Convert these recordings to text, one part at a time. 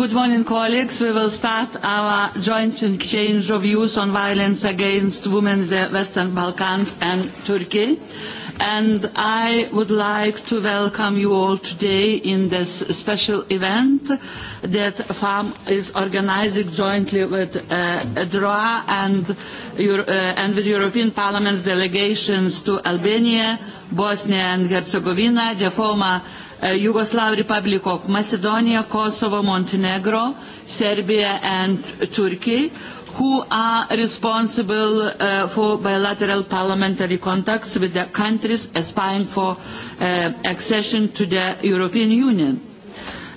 Good morning, colleagues. We will start our joint exchange of views on violence against women in the Western Balkans and Turkey. And I would like to welcome you all today in this special event that FAM is organizing jointly with uh, DROA and, uh, and with European Parliament's delegations to Albania, Bosnia and Herzegovina, the former Yugoslav Republic of Macedonia, Kosovo, Montenegro, Serbia and Turkey, who are responsible uh, for bilateral parliamentary contacts with the countries aspiring for uh, accession to the European Union.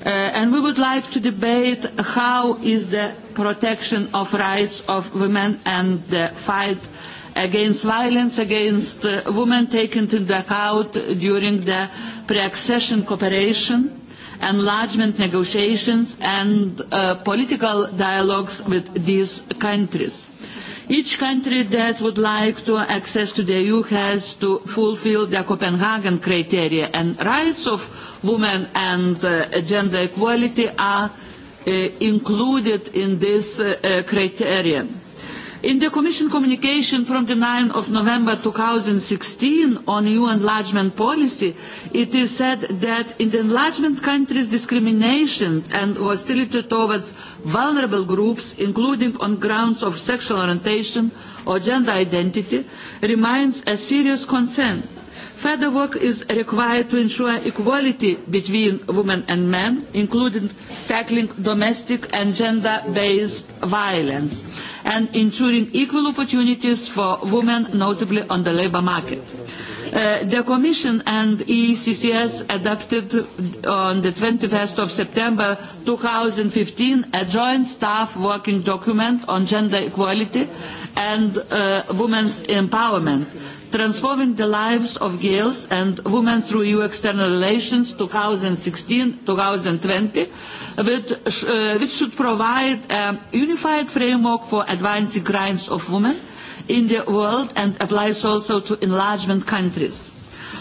Uh, and we would like to debate how is the protection of rights of women and the fight uh, against violence against women taken into account during the pre-accession cooperation, enlargement negotiations and political dialogues with these countries. Each country that would like to access to the EU has to fulfil the Copenhagen criteria and rights of women and gender equality are included in this criterion In the Commission communication from the 9 of November sixteen on EU enlargement policy, it is said that in the enlargement countries, discrimination and hostility towards vulnerable groups, including on grounds of sexual orientation or gender identity, remains a serious concern Further work is required to ensure equality between women and men, including tackling domestic and gender-based violence, and ensuring equal opportunities for women, notably on the labour market the Commission and EECCS adopted on the 21st of September fifteen a joint staff working document on gender equality and women's empowerment Transforming the Lives of Girls and Women Through EU External Relations 2016-2020, which, uh, which should provide a unified framework for advancing rights of women in the world and applies also to enlargement countries.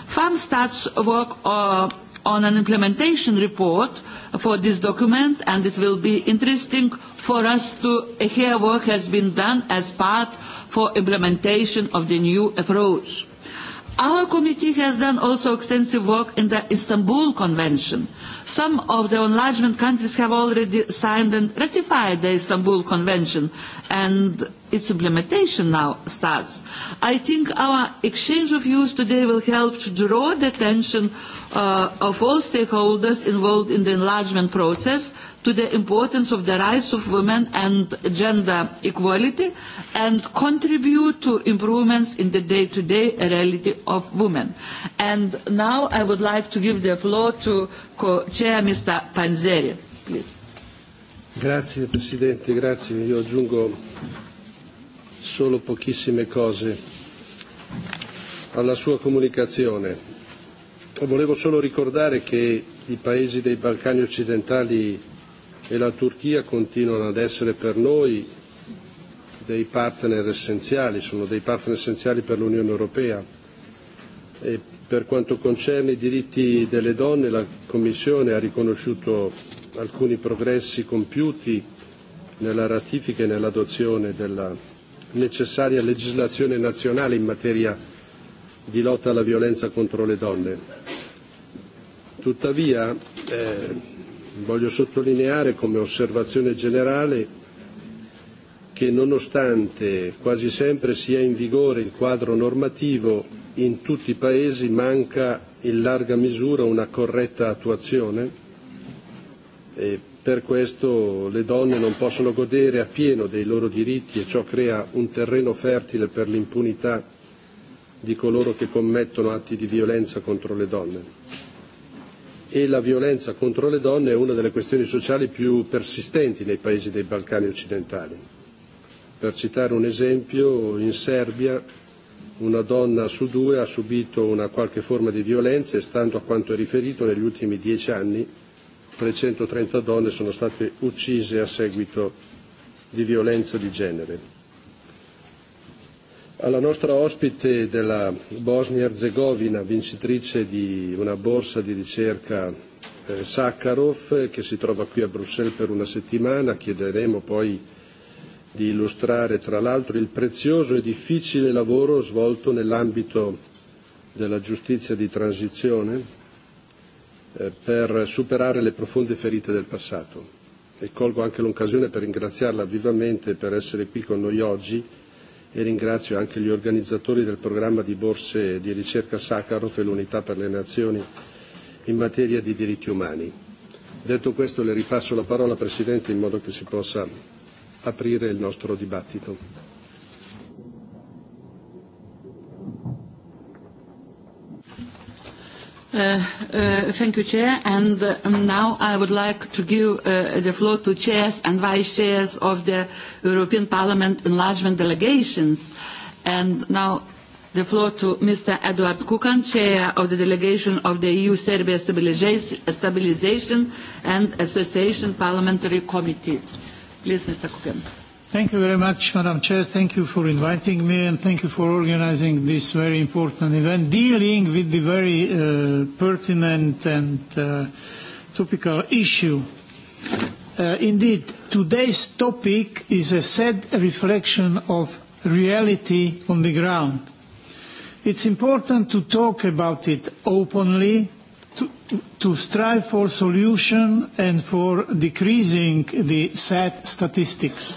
FAM starts work uh, on an implementation report for this document and it will be interesting for us to hear what has been done as part for implementation of the new approach. Our committee has done also extensive work in the Istanbul Convention. Some of the enlargement countries have already signed and ratified the Istanbul Convention, and its implementation now starts. I think our exchange of views today will help to draw the attention of all stakeholders involved in the enlargement process to the importance of the rights of women and gender equality and contribute to improvements in the day-to-day reality of women. And now I would like to give the floor to co-chair Mr. Panzeri, please. Grazie Presidente, grazie. Io aggiungo solo pochissime cose alla sua comunicazione. Volevo solo ricordare che i paesi dei Balcani occidentali e la Turchia continuano ad essere per noi dei partner essenziali, sono dei partner essenziali per l'Unione Europea. E per quanto concerne i diritti delle donne, la Commissione ha riconosciuto alcuni progressi compiuti nella ratifica e nell'adozione della necessaria legislazione nazionale in materia di lotta alla violenza contro le donne. Tuttavia, eh, voglio sottolineare come osservazione generale che nonostante quasi sempre sia in vigore il quadro normativo, in tutti i Paesi manca in larga misura una corretta attuazione e per questo le donne non possono godere appieno dei loro diritti e ciò crea un terreno fertile per l'impunità di coloro che commettono atti di violenza contro le donne e la violenza contro le donne è una delle questioni sociali più persistenti nei paesi dei Balcani occidentali. Per citare un esempio, in Serbia una donna su due ha subito una qualche forma di violenza e stando a quanto è riferito negli ultimi dieci anni 330 donne sono state uccise a seguito di violenza di genere alla nostra ospite della Bosnia-Herzegovina, vincitrice di una borsa di ricerca eh, Sakharov, che si trova qui a Bruxelles per una settimana. Chiederemo poi di illustrare tra l'altro il prezioso e difficile lavoro svolto nell'ambito della giustizia di transizione eh, per superare le profonde ferite del passato. E colgo anche l'occasione per ringraziarla vivamente per essere qui con noi oggi e ringrazio anche gli organizzatori del programma di borse di ricerca Sakharov e l'Unità per le Nazioni in materia di diritti umani. Detto questo le ripasso la parola Presidente in modo che si possa aprire il nostro dibattito. Thank you, Chair. And now I would like to give the floor to chairs and vice chairs of the European Parliament enlargement delegations. And now the floor to Mr. Eduard Kukan, Chair of the Delegation of the EU-Serbia Stabilization and Association Parliamentary Committee. Please, Mr. Kukan. Thank you very much, Madam Chair. Thank you for inviting me and thank you for organizing this very important event dealing with the very uh, pertinent and uh, topical issue. Uh, indeed, today's topic is a sad reflection of reality on the ground. It's important to talk about it openly, to, to strive for solution and for decreasing the sad statistics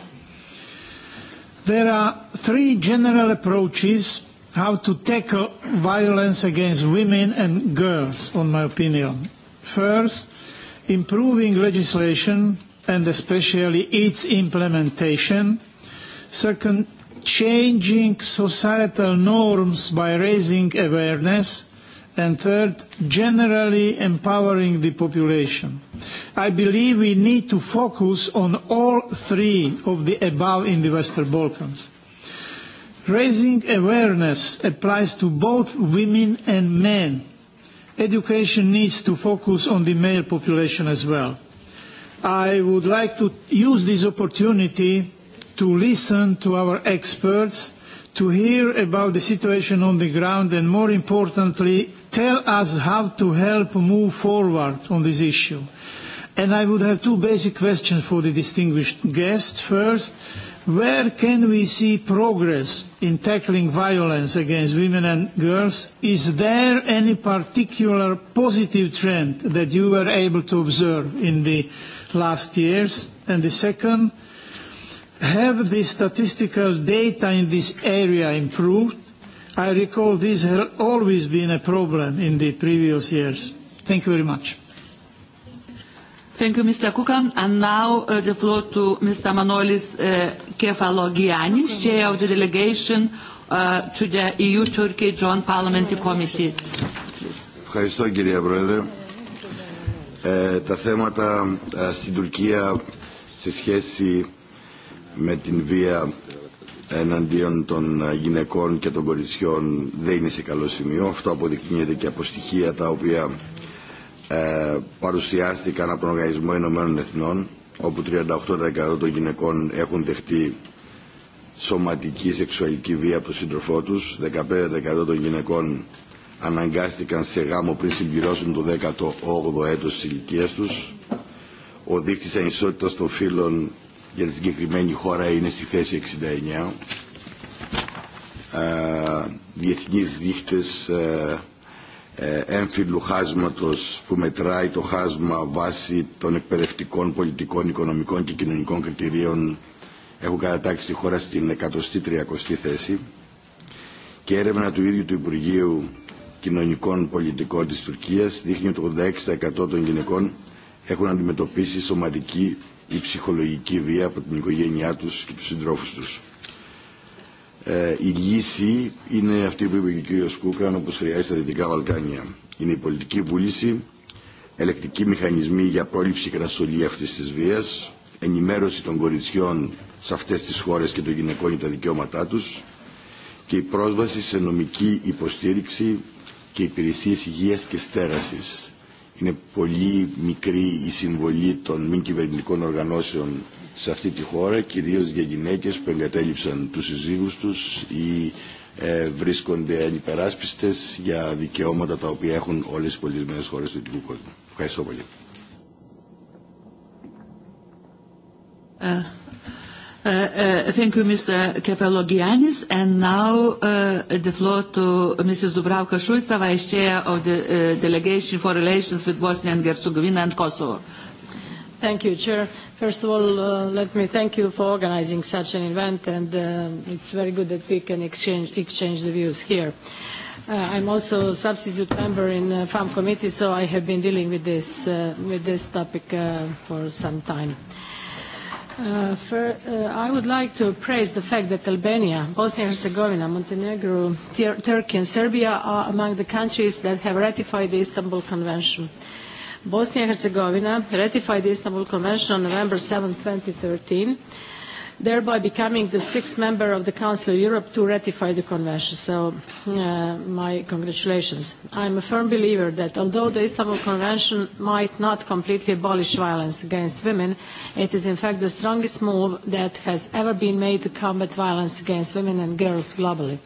There are three general approaches how to tackle violence against women and girls, in my opinion. First, improving legislation and especially its implementation. Second, changing societal norms by raising awareness and third, generally empowering the population. I believe we need to focus on all three of the above in the Western Balkans. Raising awareness applies to both women and men. Education needs to focus on the male population as well. I would like to use this opportunity to listen to our experts to hear about the situation on the ground and, more importantly, tell us how to help move forward on this issue. And I would have two basic questions for the distinguished guest. First, where can we see progress in tackling violence against women and girls? Is there any particular positive trend that you were able to observe in the last years? And the second, have the statistical data in this area improved? I recall this has always been a problem in the previous years. Thank you very much. Thank you, Mr. Kukan. And now uh, the floor to Mr. Manolis uh, Kefalogiannis, chair of the delegation uh, to the EU-Turkey Joint Parliamentary Committee. Ευχαριστώ, κυρία Πρόεδρε. Ε, τα θέματα ε, στην Τουρκία σε σχέση με την βία εναντίον των γυναικών και των κοριτσιών δεν είναι σε καλό σημείο. Αυτό αποδεικνύεται και από στοιχεία τα οποία ε, παρουσιάστηκαν από τον Οργανισμό Ηνωμένων Εθνών, όπου 38% των γυναικών έχουν δεχτεί σωματική σεξουαλική βία από τον σύντροφό τους, 15% των γυναικών αναγκάστηκαν σε γάμο πριν συμπληρώσουν το 18ο έτος της ηλικίας τους. Ο δείκτης ανισότητας των φύλων για τη συγκεκριμένη χώρα είναι στη θέση 69. διεθνείς δείχτες έμφυλου χάσματος που μετράει το χάσμα βάσει των εκπαιδευτικών, πολιτικών, οικονομικών και κοινωνικών κριτηρίων έχουν κατατάξει τη χώρα στην 130η θέση και έρευνα του ίδιου του Υπουργείου Κοινωνικών Πολιτικών της Τουρκίας δείχνει ότι το 86% των γυναικών έχουν αντιμετωπίσει σωματική η ψυχολογική βία από την οικογένειά τους και τους συντρόφους τους. Ε, η λύση είναι αυτή που είπε και ο κύριος Κούκαν όπως χρειάζεται στα Δυτικά Βαλκάνια. Είναι η πολιτική βούληση, ελεκτικοί μηχανισμοί για πρόληψη και καταστολή αυτής της βίας, ενημέρωση των κοριτσιών σε αυτές τις χώρες και των γυναικών για τα δικαιώματά τους και η πρόσβαση σε νομική υποστήριξη και υπηρεσίες υγείας και στέρασης είναι πολύ μικρή η συμβολή των μη κυβερνητικών οργανώσεων σε αυτή τη χώρα, κυρίως για γυναίκες που εγκατέλειψαν τους συζύγους τους ή ε, βρίσκονται ανυπεράσπιστες για δικαιώματα τα οποία έχουν όλες οι πολιτισμένες χώρες του δυτικού κόσμου. Ευχαριστώ πολύ. Uh. Thank you, Mr. Kefalogiannis. And now the floor to Mrs. Dubravka Šuica, Vice Chair of the Delegation for Relations with Bosnia and Herzegovina and Kosovo. Thank you, Chair. First of all, let me thank you for organizing such an event, and it's very good that we can exchange the views here. I'm also a substitute member in the FAM committee, so I have been dealing with this topic for some time. I would like to praise the fact that Albania, Bosnia and Herzegovina, Montenegro, Turkey and Serbia are among the countries that have ratified the Istanbul Convention. Bosnia and Herzegovina ratified the Istanbul Convention on November 7, 2013 thereby becoming the sixth member of the Council of Europe to ratify the Convention. So my congratulations. I am a firm believer that although the Istanbul Convention might not completely abolish violence against women, it is in fact the strongest move that has ever been made to combat violence against women and girls globally.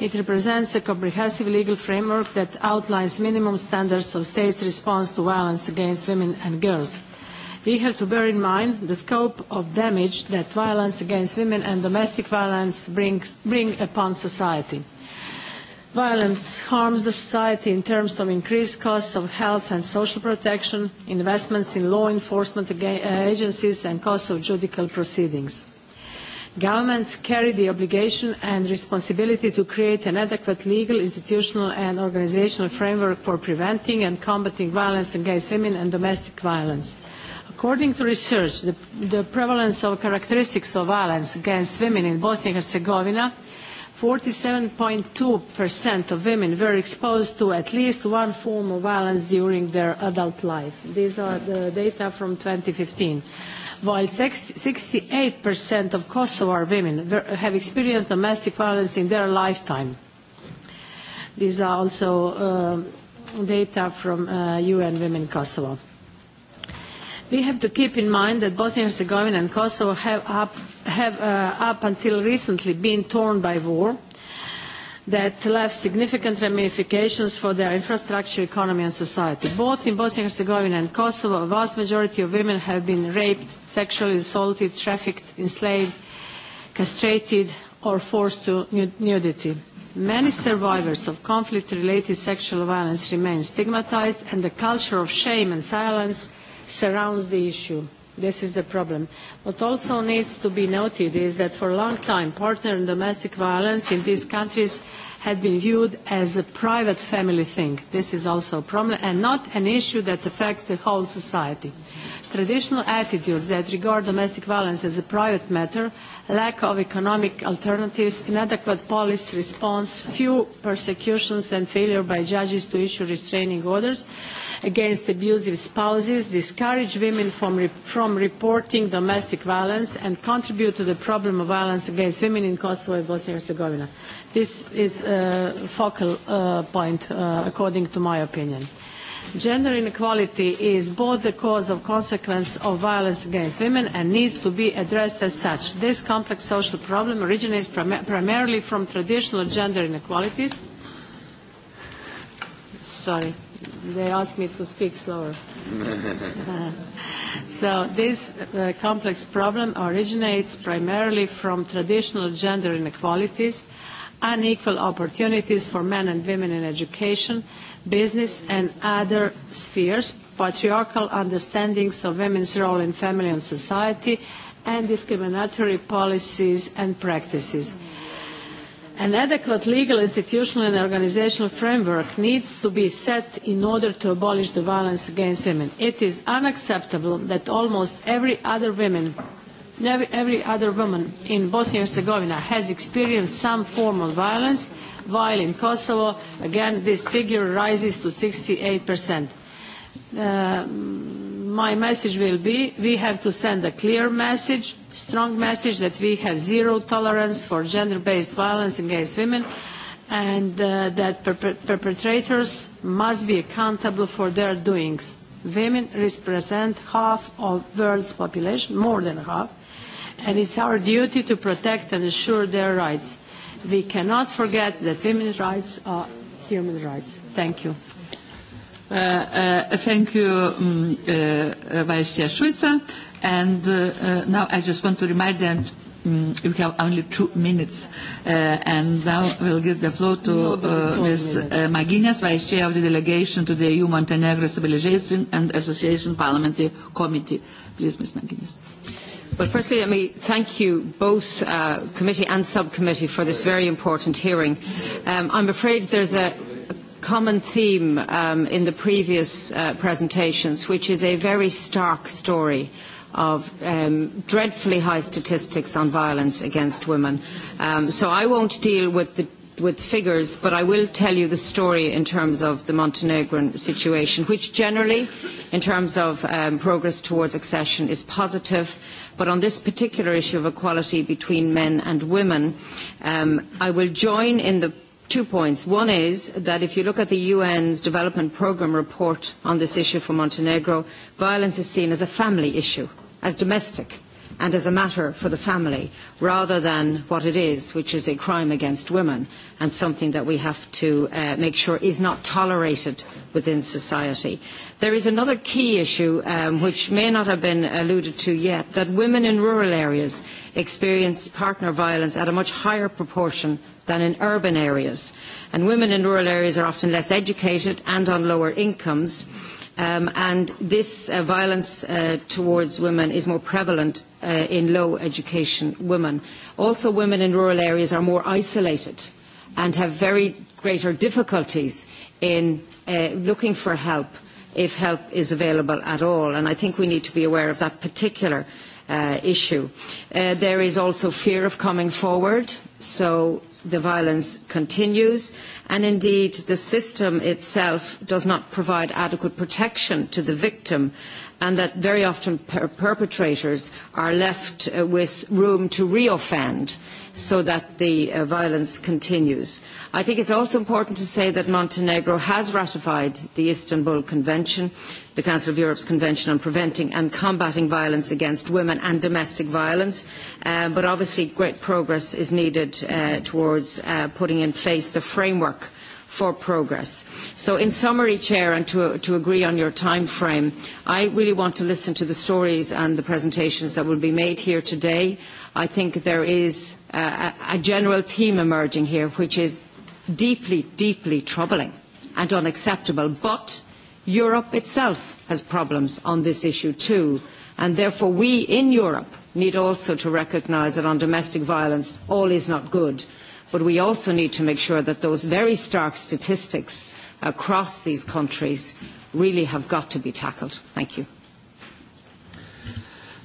It represents a comprehensive legal framework that outlines minimum standards of states' response to violence against women and girls we have to bear in mind the scope of damage that violence against women and domestic violence brings, bring upon society. Violence harms the society in terms of increased costs of health and social protection, investments in law enforcement agencies and costs of judicial proceedings. Governments carry the obligation and responsibility to create an adequate legal, institutional and organisational framework for preventing and combating violence against women and domestic violence. According to research, the, the prevalence of characteristics of violence against women in Bosnia and Herzegovina, 47.2% of women were exposed to at least one form of violence during their adult life. These are the data from 2015 while 68% of Kosovar women have experienced domestic violence in their lifetime. These are also data from UN Women Kosovo. We have to keep in mind that Bosnia and Herzegovina and Kosovo have up, have, uh, up until recently been torn by war that left significant ramifications for their infrastructure, economy and society. Both in Bosnia and Herzegovina and Kosovo, a vast majority of women have been raped, sexually assaulted, trafficked, enslaved, castrated or forced to nudity. Many survivors of conflict-related sexual violence remain stigmatized and the culture of shame and silence surrounds the issue. This is the problem. What also needs to be noted is that for a long time, partner and domestic violence in these countries had been viewed as a private family thing. This is also a problem and not an issue that affects the whole society. Traditional attitudes that regard domestic violence as a private matter lack of economic alternatives, inadequate police response, few persecutions and failure by judges to issue restraining orders against abusive spouses discourage women from, reporting domestic violence and contribute to the problem of violence against women in Kosovo and Bosnia and Herzegovina. This is a focal point, according to my opinion. Gender inequality is both the cause of consequence of violence against women and needs to be addressed as such. This complex social problem originates prim primarily from traditional gender inequalities. Sorry, they asked me to speak slower. so this uh, complex problem originates primarily from traditional gender inequalities, unequal opportunities for men and women in education, business and other spheres, patriarchal understandings of women's role in family and society, and discriminatory policies and practices. An adequate legal, institutional and organisational framework needs to be set in order to abolish the violence against women. It is unacceptable that almost every other woman every other woman in Bosnia and Herzegovina has experienced some form of violence while in Kosovo, again, this figure rises to 68%. My message will be, we have to send a clear message, strong message that we have zero tolerance for gender-based violence against women, and that perpetrators must be accountable for their doings. Women represent half of the world's population, more than half, and it's our duty to protect and assure their rights we cannot forget that women's rights are human rights. Thank you. Uh, uh, thank you, um, uh, Vice Chair Schulze. And uh, uh, now I just want to remind them we have only two minutes. Uh, and now we'll give the floor to uh, Ms. Maginas, Vice Chair of the Delegation to the EU Montenegro Stabilization and Association Parliamentary Committee. Please, Ms. Maginas. Well, firstly, let me thank you both, uh, committee and subcommittee, for this very important hearing. Um, I'm afraid there's a common theme um, in the previous uh, presentations, which is a very stark story of um, dreadfully high statistics on violence against women. Um, so I won't deal with the with figures, but I will tell you the story in terms of the Montenegrin situation, which generally, in terms of progress towards accession, is positive. But on this particular issue of equality between men and women, I will join in the two points. One is that if you look at the UN's Development Programme report on this issue for Montenegro, violence is seen as a family issue, as domestic and as a matter for the family rather than what it is, which is a crime against women and something that we have to uh, make sure is not tolerated within society. There is another key issue um, which may not have been alluded to yet, that women in rural areas experience partner violence at a much higher proportion than in urban areas. And women in rural areas are often less educated and on lower incomes and this violence towards women is more prevalent in low education women. Also, women in rural areas are more isolated and have very greater difficulties in looking for help if help is available at all. And I think we need to be aware of that particular issue. there is also fear of coming forward, so the violence continues and indeed the system itself does not provide adequate protection to the victim and that very often perpetrators are left with room to reoffend. offend so that the violence continues. I think it is also important to say that Montenegro has ratified the Istanbul Convention, the Council of Europe's Convention on Preventing and Combating Violence Against Women and Domestic Violence, but obviously great progress is needed towards putting in place the framework for progress. So in summary, Chair, and to, agree on your time frame, I really want to listen to the stories and the presentations that will be made here today. I think there is a, a general theme emerging here which is deeply, deeply troubling and unacceptable. But Europe itself has problems on this issue too. And therefore we in Europe need also to recognise that on domestic violence all is not good. But we also need to make sure that those very stark statistics across these countries really have got to be tackled. Thank you.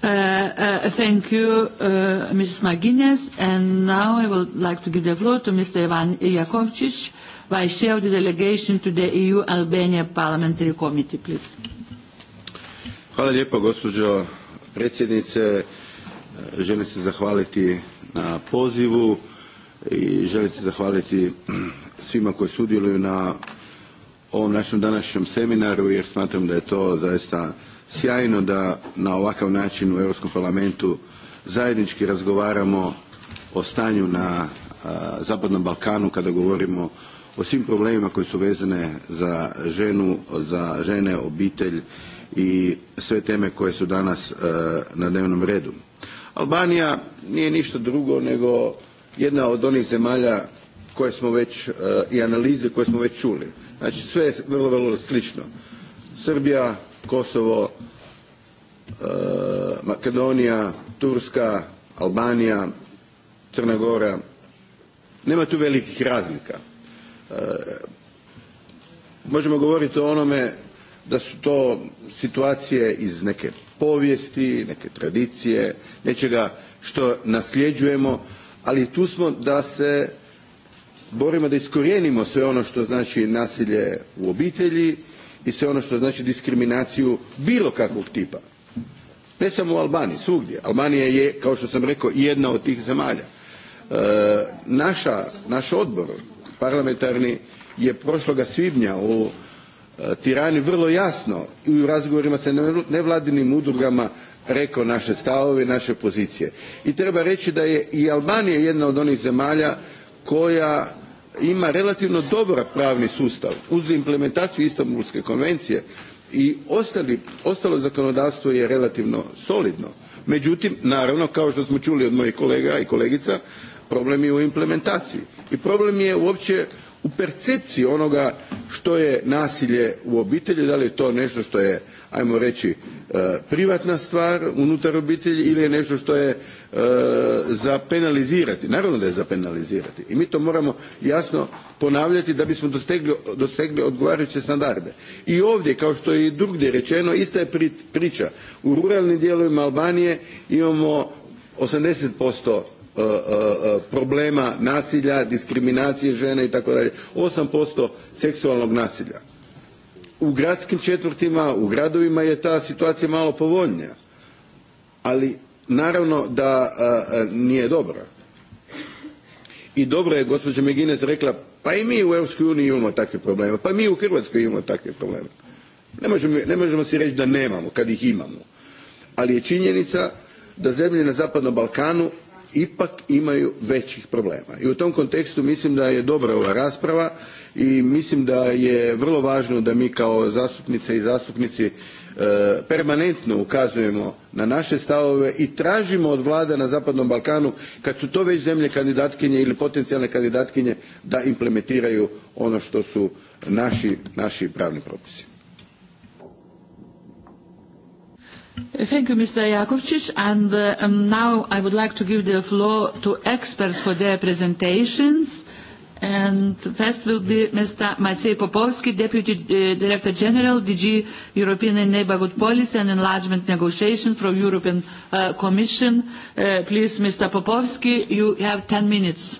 Thank you, Mrs. McGuinness. And now I would like to give the floor to Mr. Ivan Jakovčić, Vice Chair of the Delegation to the EU-Albania Parliamentary Committee, please. Hvala lijepo, gospođo predsjednice. Želim se zahvaliti na pozivu i želim se zahvaliti svima koji sudjeluju na ovom našem današnjem seminaru, jer smatram da je to zaista sjajno da na ovakav način u Europskom parlamentu zajednički razgovaramo o stanju na Zapadnom Balkanu kada govorimo o svim problemima koji su vezane za ženu, za žene, obitelj i sve teme koje su danas na dnevnom redu. Albanija nije ništa drugo nego jedna od onih zemalja koje smo već i analize koje smo već čuli. Znači sve je vrlo, vrlo slično. Srbija, Kosovo, Makedonija, Turska, Albanija, Crna Gora. Nema tu velikih razlika. možemo govoriti o onome da su to situacije iz neke povijesti, neke tradicije, nečega što nasljeđujemo, ali tu smo da se borimo da iskorijenimo sve ono što znači nasilje u obitelji i sve ono što znači diskriminaciju bilo kakvog tipa. Ne samo u Albaniji, svugdje. Albanija je, kao što sam rekao, jedna od tih zemalja. E, naša, naš odbor parlamentarni je prošloga svibnja u Tirani vrlo jasno i u razgovorima sa nevladinim udrugama rekao naše stavove, naše pozicije. I treba reći da je i Albanija jedna od onih zemalja koja ima relativno dobar pravni sustav uz implementaciju Istanbulske konvencije i ostali, ostalo zakonodavstvo je relativno solidno. Međutim, naravno, kao što smo čuli od mojih kolega i kolegica, problem je u implementaciji. I problem je uopće u percepciji onoga što je nasilje u obitelji, da li je to nešto što je, ajmo reći, privatna stvar unutar obitelji ili je nešto što je za penalizirati. Naravno da je za penalizirati i mi to moramo jasno ponavljati da bismo dosegli odgovarajuće standarde. I ovdje, kao što je i drugdje rečeno, ista je priča. U ruralnim dijelovima Albanije imamo 80% problema nasilja, diskriminacije žena i tako dalje. 8% seksualnog nasilja. U gradskim četvrtima, u gradovima je ta situacija malo povoljnija. Ali naravno da nije dobra. I dobro je gospođa McGuinness rekla pa i mi u Europskoj uniji imamo takve probleme, pa mi u Hrvatskoj imamo takve probleme. Ne možemo, ne možemo si reći da nemamo kad ih imamo. Ali je činjenica da zemlje na Zapadnom Balkanu ipak imaju većih problema. I u tom kontekstu mislim da je dobra ova rasprava i mislim da je vrlo važno da mi kao zastupnice i zastupnici permanentno ukazujemo na naše stavove i tražimo od vlada na zapadnom balkanu kad su to već zemlje kandidatkinje ili potencijalne kandidatkinje da implementiraju ono što su naši pravni propisi. Thank you, Mr. Jakovčić. And now I would like to give the floor to experts for their presentations. And first will be Mr. Maciej Popowski, Deputy Director General, DG European and Neighborhood Policy and Enlargement Negotiation from European Commission. please, Mr. Popowski, you have 10 minutes.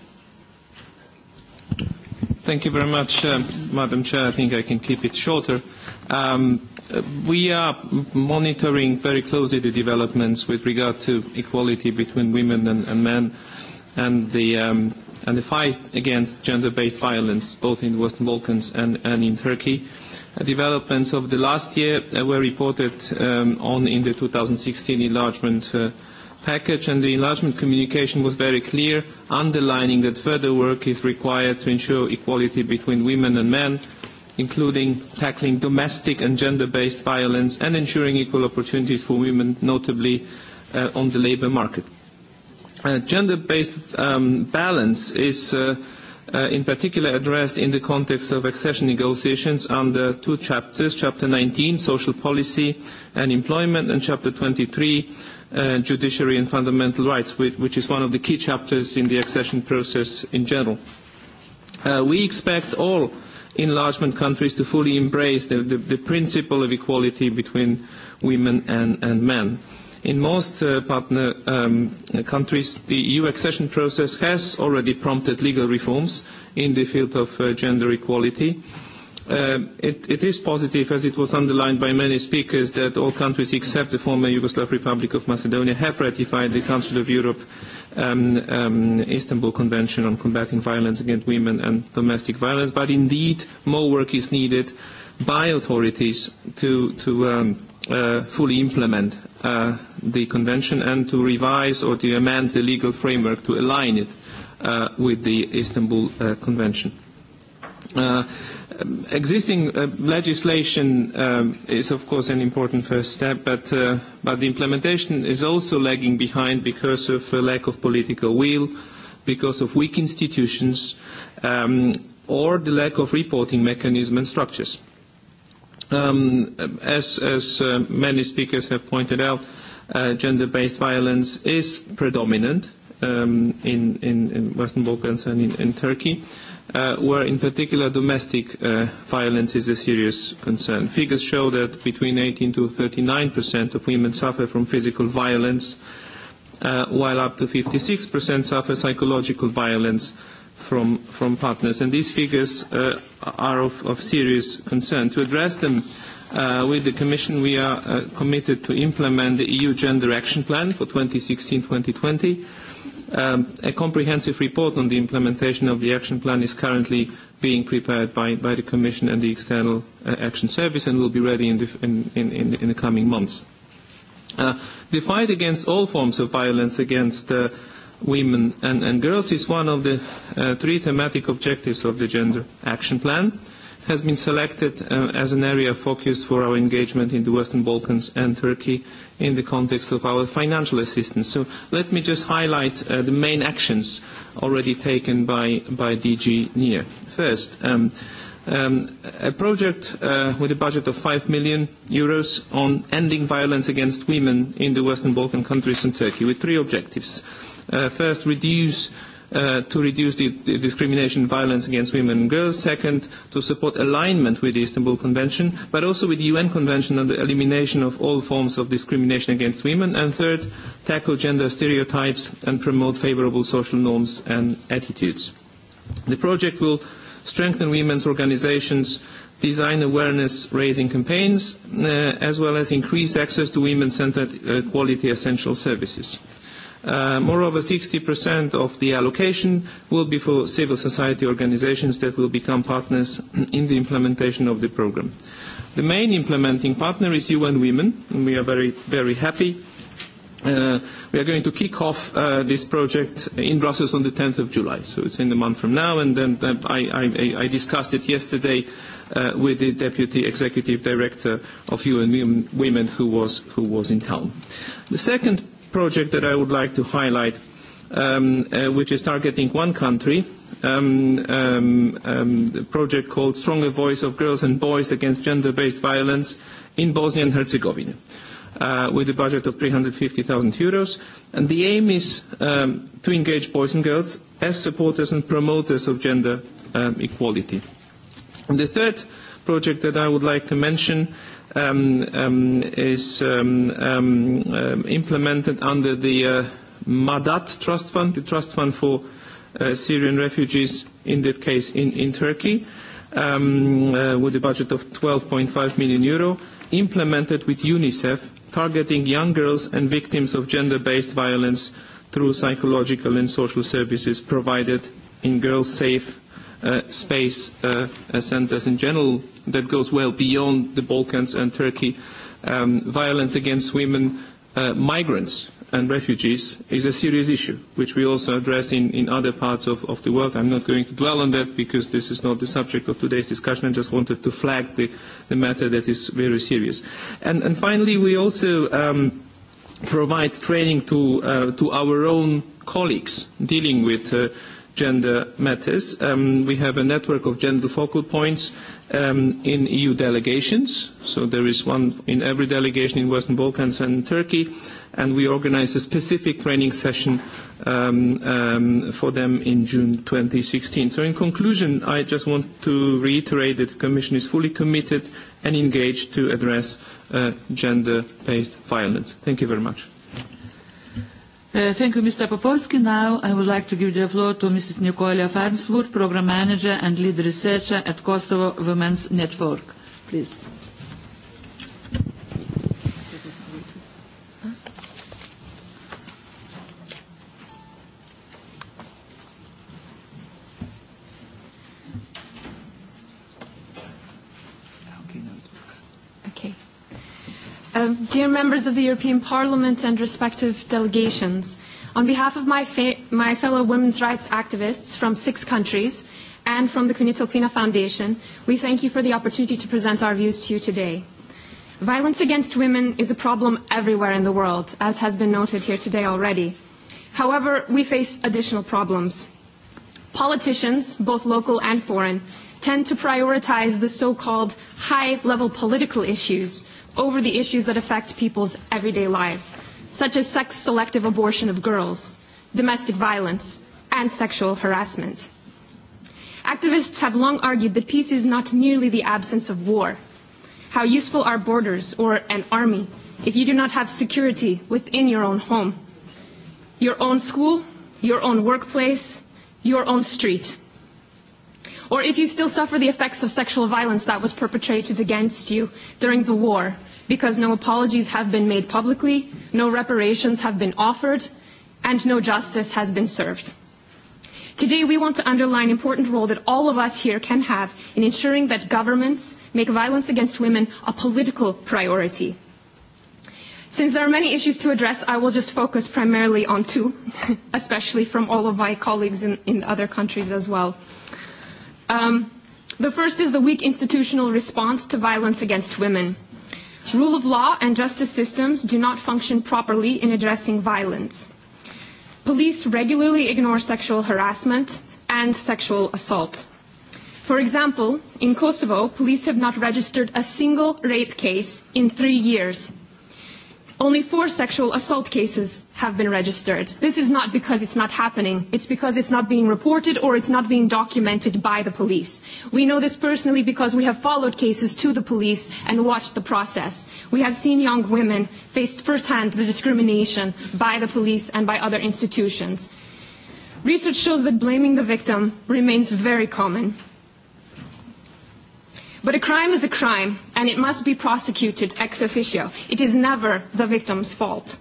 Thank you very much, Madam Chair. I think I can keep it shorter. We are monitoring very closely the developments with regard to equality between women and, and men and the, um, and the fight against gender-based violence, both in the Western Balkans and, and in Turkey. Developments of the last year were reported um, on in the 2016 enlargement uh, package, and the enlargement communication was very clear, underlining that further work is required to ensure equality between women and men, including tackling domestic and gender-based violence and ensuring equal opportunities for women, notably uh, on the labour market. Uh, gender-based um, balance is uh, uh, in particular addressed in the context of accession negotiations under two chapters, Chapter 19, Social Policy and Employment, and Chapter 23, uh, Judiciary and Fundamental Rights, which, which is one of the key chapters in the accession process in general. Uh, we expect all enlargement countries to fully embrace the, the, the principle of equality between women and, and men. In most uh, partner um, countries, the EU accession process has already prompted legal reforms in the field of uh, gender equality. Uh, it, it is positive, as it was underlined by many speakers, that all countries except the former Yugoslav Republic of Macedonia have ratified the Council of Europe Istanbul Convention on Combating Violence Against Women and Domestic Violence. But indeed, more work is needed by authorities to, to um, uh, fully implement uh, the convention and to revise or to amend the legal framework to align it uh, with the Istanbul uh, Convention. Uh, existing uh, legislation um, is, of course, an important first step, but, uh, but the implementation is also lagging behind because of a lack of political will, because of weak institutions, um, or the lack of reporting mechanism and structures. Um, as as uh, many speakers have pointed out, uh, gender-based violence is predominant um, in, in, in Western Balkans and in, in Turkey. Uh, uh, where in particular domestic uh, violence is a serious concern. Figures show that between 18 to 39% of women suffer from physical violence, uh, while up to 56% suffer psychological violence from, from partners. And these figures uh, are of, of serious concern. To address them, uh, with the Commission, we are uh, committed to implement the EU Gender Action Plan for 2016-2020, a comprehensive report on the implementation of the action plan is currently being prepared by, by the Commission and the External Action Service and will be ready in the, in, in, in the coming months. Uh, the fight against all forms of violence against uh, women and, and girls is one of the uh, three thematic objectives of the Gender Action Plan. Uh, has been selected uh, as an area of focus for our engagement in the Western Balkans and Turkey in the context of our financial assistance. So let me just highlight uh, the main actions already taken by, by DG NIR. First, um, um, a project uh, with a budget of 5 million euros on ending violence against women in the Western Balkan countries and Turkey with three objectives. Uh, first, reduce uh, to reduce the, the discrimination and violence against women and girls. Second, to support alignment with the Istanbul Convention, but also with the UN Convention on the elimination of all forms of discrimination against women. And third, tackle gender stereotypes and promote favorable social norms and attitudes. The project will strengthen women's organizations design awareness raising campaigns, uh, as well as increase access to women centered uh, quality essential services moreover, 60% of the allocation will be for civil society organizations that will become partners in the implementation of the program. The main implementing partner is UN Women, and we are very, very happy we are going to kick off this project in Brussels on the 10th of July. So it's in the month from now, and then I, I, I discussed it yesterday with the Deputy Executive Director of UN Women who was, who was in town. The second project that I would like to highlight, um, uh, which is targeting one country, um, um, um, the project called Stronger Voice of Girls and Boys Against Gender-Based Violence in Bosnia and Herzegovina uh, with a budget of 350,000 euros. And the aim is um, to engage boys and girls as supporters and promoters of gender um, equality. And the third project that I would like to mention is implemented under the Madat Trust Fund, the Trust Fund for Syrian refugees, in that case in Turkey, with a budget of 12.5 million euro, implemented with UNICEF, targeting young girls and victims of gender-based violence through psychological and social services provided in girls safe space centres in general that goes well beyond the Balkans and Turkey. violence against women, migrants and refugees is a serious issue, which we also address in, in other parts of, of the world. I'm not going to dwell on that because this is not the subject of today's discussion. I just wanted to flag the, the matter that is very serious. And, and finally, we also um, provide training to, uh, to our own colleagues dealing with uh, gender matters. Um, we have a network of gender focal points um, in EU delegations. So there is one in every delegation in Western Balkans and Turkey. And we organize a specific training session um, um, for them in June 2016. So in conclusion, I just want to reiterate that the Commission is fully committed and engaged to address uh, gender-based violence. Thank you very much. Thank you, Mr. Popolski. Now I would like to give the floor to Mrs. Nicola Farnsworth, Program Manager and Lead Researcher at Kosovo Women's Network. Please. dear members of the European Parliament and respective delegations, on behalf of my, fa my fellow women's rights activists from six countries and from the Kunitsilpina Foundation, we thank you for the opportunity to present our views to you today. Violence against women is a problem everywhere in the world, as has been noted here today already. However, we face additional problems. Politicians, both local and foreign, tend to prioritize the so-called high-level political issues over the issues that affect people's everyday lives, such as sex-selective abortion of girls, domestic violence, and sexual harassment. Activists have long argued that peace is not merely the absence of war. How useful are borders or an army if you do not have security within your own home, your own school, your own workplace, your own street? or if you still suffer the effects of sexual violence that was perpetrated against you during the war, because no apologies have been made publicly, no reparations have been offered, and no justice has been served. Today, we want to underline the important role that all of us here can have in ensuring that governments make violence against women a political priority. Since there are many issues to address, I will just focus primarily on two, especially from all of my colleagues in, in other countries as well. Uh, Um, the first is the weak institutional response to violence against women. Rule of law and justice systems do not function properly in addressing violence. Police regularly ignore sexual harassment and sexual assault. For example, in Kosovo, police have not registered a single rape case in three years only four sexual assault cases have been registered. This is not because it's not happening. It's because it's not being reported or it's not being documented by the police. We know this personally because we have followed cases to the police and watched the process. We have seen young women face firsthand the discrimination by the police and by other institutions. Research shows that blaming the victim remains very common But a crime is a crime, and it must be prosecuted ex officio. It is never the victim's fault.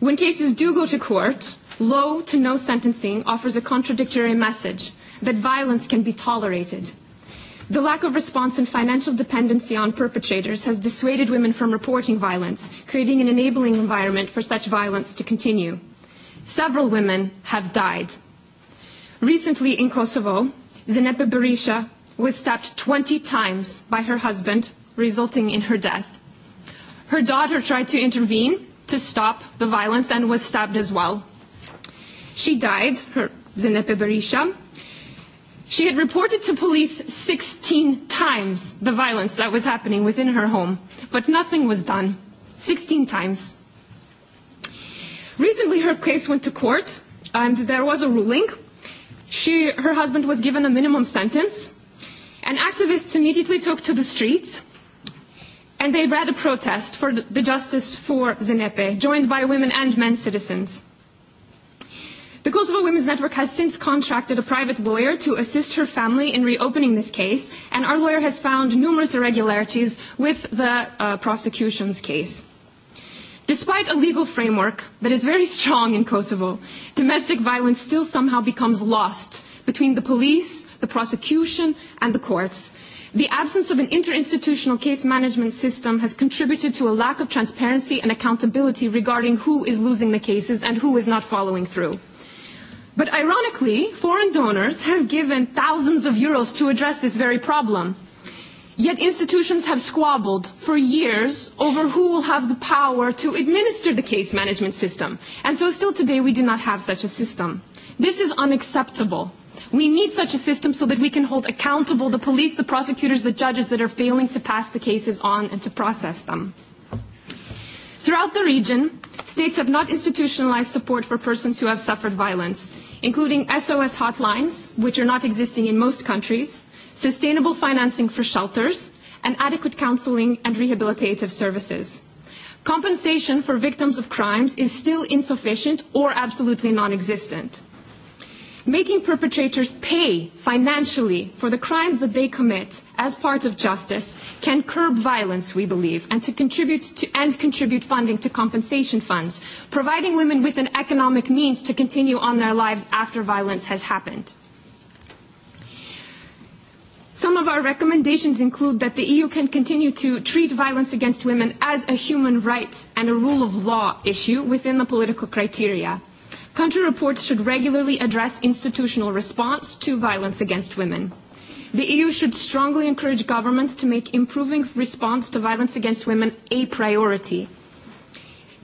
When cases do go to court, low to no sentencing offers a contradictory message that violence can be tolerated. The lack of response and financial dependency on perpetrators has dissuaded women from reporting violence, creating an enabling environment for such violence to continue. Several women have died. Recently in Kosovo, Zenepe Berisha was stabbed 20 times by her husband, resulting in her death. Her daughter tried to intervene to stop the violence and was stabbed as well. She died, her Zinepe Berisha. She had reported to police 16 times the violence that was happening within her home, but nothing was done. 16 times. Recently, her case went to court, and there was a ruling. She, her husband was given a minimum sentence, And activists immediately took to the streets and they read a protest for the justice for Zenepe, joined by women and men citizens. The Kosovo Women's Network has since contracted a private lawyer to assist her family in reopening this case, and our lawyer has found numerous irregularities with the uh, prosecution's case. Despite a legal framework that is very strong in Kosovo, domestic violence still somehow becomes lost between the police, the prosecution, and the courts. The absence of an interinstitutional case management system has contributed to a lack of transparency and accountability regarding who is losing the cases and who is not following through. But ironically, foreign donors have given thousands of euros to address this very problem. Yet institutions have squabbled for years over who will have the power to administer the case management system. And so still today we do not have such a system. This is unacceptable. We need such a system so that we can hold accountable the police, the prosecutors, the judges that are failing to pass the cases on and to process them. Throughout the region, states have not institutionalized support for persons who have suffered violence, including SOS hotlines, which are not existing in most countries, sustainable financing for shelters, and adequate counseling and rehabilitative services. Compensation for victims of crimes is still insufficient or absolutely non-existent making perpetrators pay financially for the crimes that they commit as part of justice can curb violence, we believe, and to contribute to and contribute funding to compensation funds, providing women with an economic means to continue on their lives after violence has happened. Some of our recommendations include that the EU can continue to treat violence against women as a human rights and a rule of law issue within the political criteria, Country reports should regularly address institutional response to violence against women. The EU should strongly encourage governments to make improving response to violence against women a priority.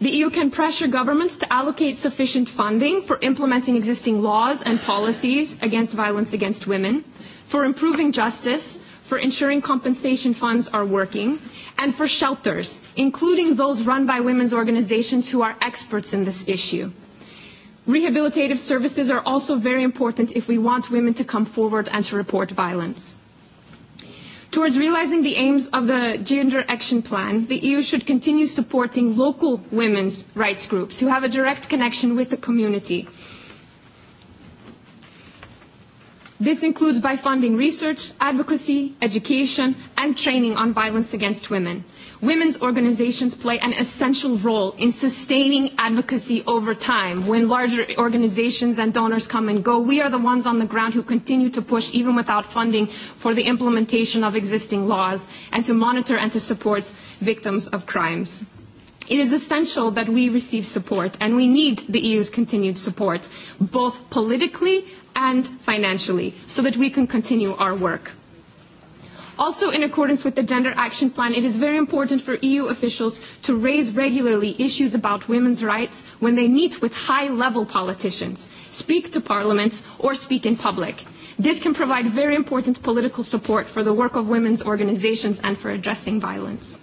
The EU can pressure governments to allocate sufficient funding for implementing existing laws and policies against violence against women, for improving justice, for ensuring compensation funds are working, and for shelters, including those run by women's organizations who are experts in this issue. Rehabilitative services are also very important if we want women to come forward and to report violence. Towards realizing the aims of the Gender Action Plan, the EU should continue supporting local women's rights groups who have a direct connection with the community. This includes by funding research, advocacy, education, and training on violence against women women's organizations play an essential role in sustaining advocacy over time. When larger organizations and donors come and go, we are the ones on the ground who continue to push, even without funding, for the implementation of existing laws and to monitor and to support victims of crimes. It is essential that we receive support, and we need the EU's continued support, both politically and financially, so that we can continue our work. Also, in accordance with the Gender Action Plan, it is very important for EU officials to raise regularly issues about women's rights when they meet with high-level politicians, speak to parliaments, or speak in public. This can provide very important political support for the work of women's organizations and for addressing violence.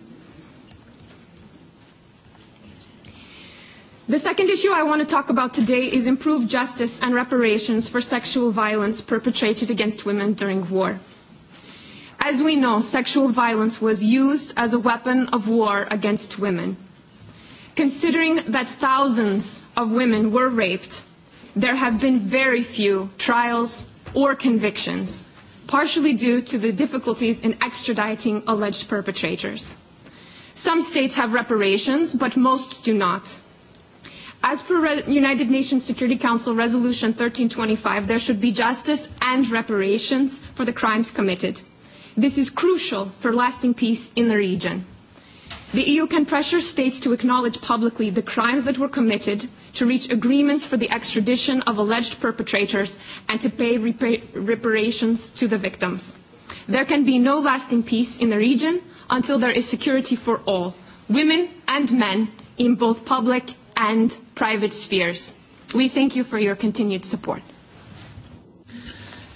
The second issue I want to talk about today is improved justice and reparations for sexual violence perpetrated against women during war. As we know, sexual violence was used as a weapon of war against women. Considering that thousands of women were raped, there have been very few trials or convictions, partially due to the difficulties in extraditing alleged perpetrators. Some states have reparations, but most do not. As per United Nations Security Council Resolution 1325, there should be justice and reparations for the crimes committed. This is crucial for lasting peace in the region. The EU can pressure states to acknowledge publicly the crimes that were committed, to reach agreements for the extradition of alleged perpetrators, and to pay reparations to the victims. There can be no lasting peace in the region until there is security for all, women and men, in both public and private spheres. We thank you for your continued support.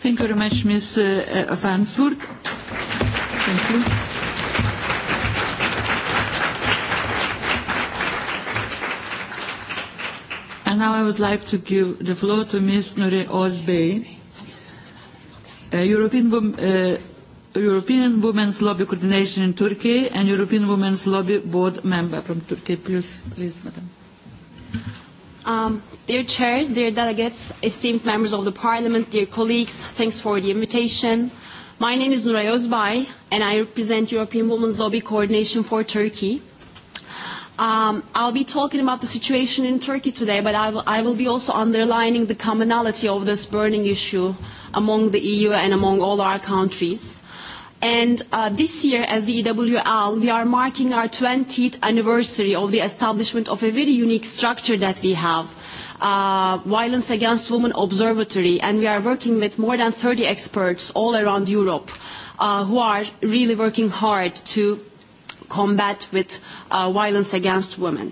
Thank you very much, Ms conclut. And now I would like to give the floor to Ms. Nure Ozbey, European, European Women's Lobby Coordination in Turkey and European Women's Lobby Board Member from Turkey. Please, please Madam. Um, dear chairs, dear delegates, esteemed members of the parliament, dear colleagues, thanks for the invitation. My name is Nuray Özbay, and I represent European Women's Lobby Coordination for Turkey. Um, I'll be talking about the situation in Turkey today, but I will, I will be also underlining the commonality of this burning issue among the EU and among all our countries. And uh, this year, as the EWL, we are marking our 20th anniversary of the establishment of a very unique structure that we have – uh, Violence Against Women Observatory, and we are working with more than 30 experts all around Europe uh, who are really working hard to combat with uh, violence against women.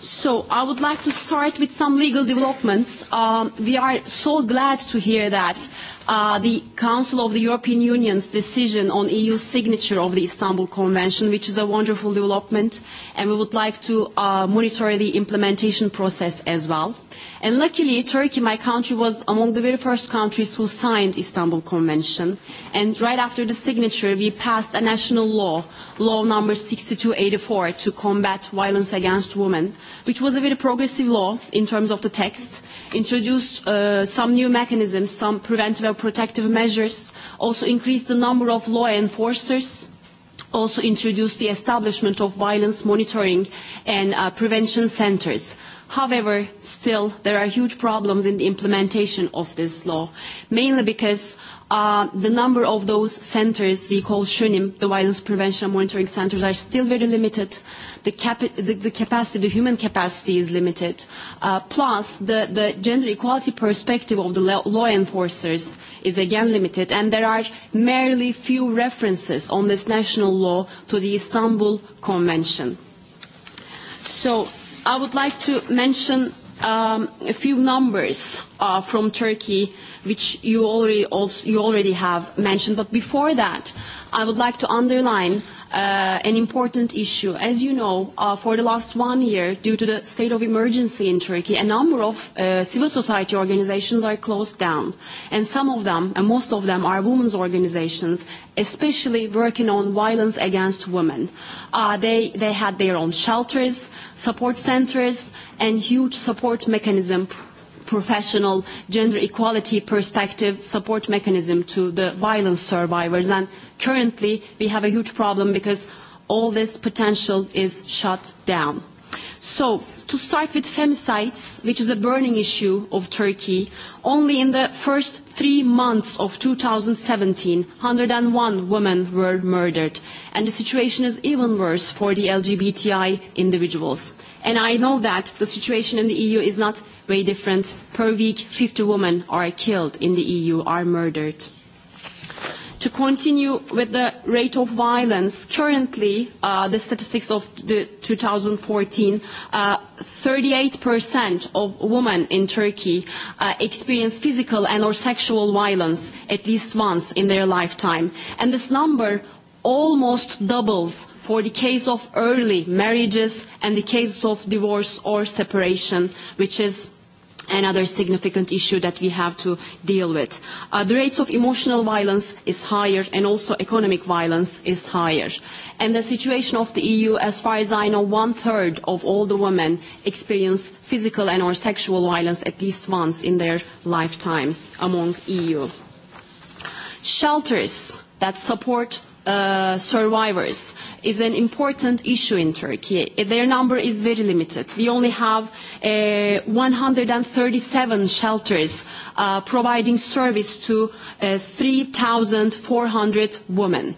So I would like to start with some legal developments. Um, we are so glad to hear that uh, the Council of the European Union's decision on EU signature of the Istanbul Convention, which is a wonderful development, and we would like to uh, monitor the implementation process as well. And luckily, Turkey, my country, was among the very first countries who signed Istanbul Convention. And right after the signature, we passed a national law, Law Number 6284, to combat violence against women, which was a very progressive law in terms of the text, introduced uh, some new mechanisms, some preventive protective measures, also increased the number of law enforcers, also introduced the establishment of violence monitoring and uh, prevention centers. However, still, there are huge problems in the implementation of this law, mainly because the number of those centers we call SHUNIM, the violence prevention and monitoring centers, are still very limited. The, cap- the, the capacity, the human capacity is limited. Uh, plus, the, the gender equality perspective of the law enforcers is again limited, and there are merely few references on this national law to the Istanbul Convention. So I would like to mention um, a few numbers uh, from Turkey, which you already, also, you already have mentioned. But before that, I would like to underline an important issue. As you know, for the last one year, due to the state of emergency in Turkey, a number of civil society organisations are closed down. And some of them, and most of them, are women's organisations, especially working on violence against women. they, they had their own shelters, support centres, and huge support mechanisms professional gender equality perspective support mechanism to the violence survivors. And currently, we have a huge problem because all this potential is shut down So, to start with femicides, which is a burning issue of Turkey, only in the first three months of 2017, 101 women were murdered. And the situation is even worse for the LGBTI individuals. And I know that the situation in the EU is not very different. Per week, 50 women are killed in the EU, are murdered to continue with the rate of violence. Currently, uh, the statistics of the 2014, uh, 38% of women in Turkey uh, experience physical and or sexual violence at least once in their lifetime. And this number almost doubles for the case of early marriages and the case of divorce or separation, which is another significant issue that we have to deal with. Uh, the rates of emotional violence is higher and also economic violence is higher. And the situation of the EU, as far as I know, one-third of all the women experience physical and or sexual violence at least once in their lifetime among EU. Shelters that support uh, survivors is an important issue in Turkey. Their number is very limited. We only have uh, 137 shelters uh, providing service to uh, 3,400 women.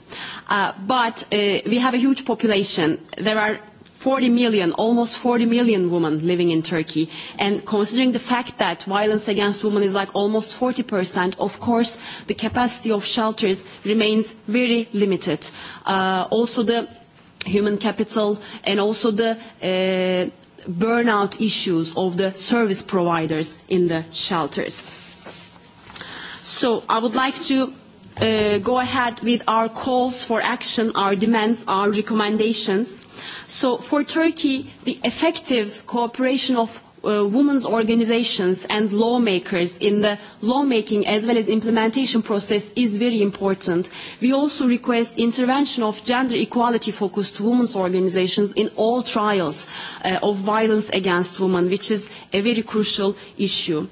Uh, but uh, we have a huge population. There are 40 million, almost 40 million women living in Turkey. And considering the fact that violence against women is like almost 40%, of course, the capacity of shelters remains very limited. Uh, also, the human capital and also the uh, burnout issues of the service providers in the shelters. So I would like to uh, go ahead with our calls for action, our demands, our recommendations So for Turkey, the effective cooperation of women's organisations and lawmakers in the lawmaking as well as implementation process is very important. We also request intervention of gender equality focused women's organisations in all trials of violence against women, which is a very crucial issue.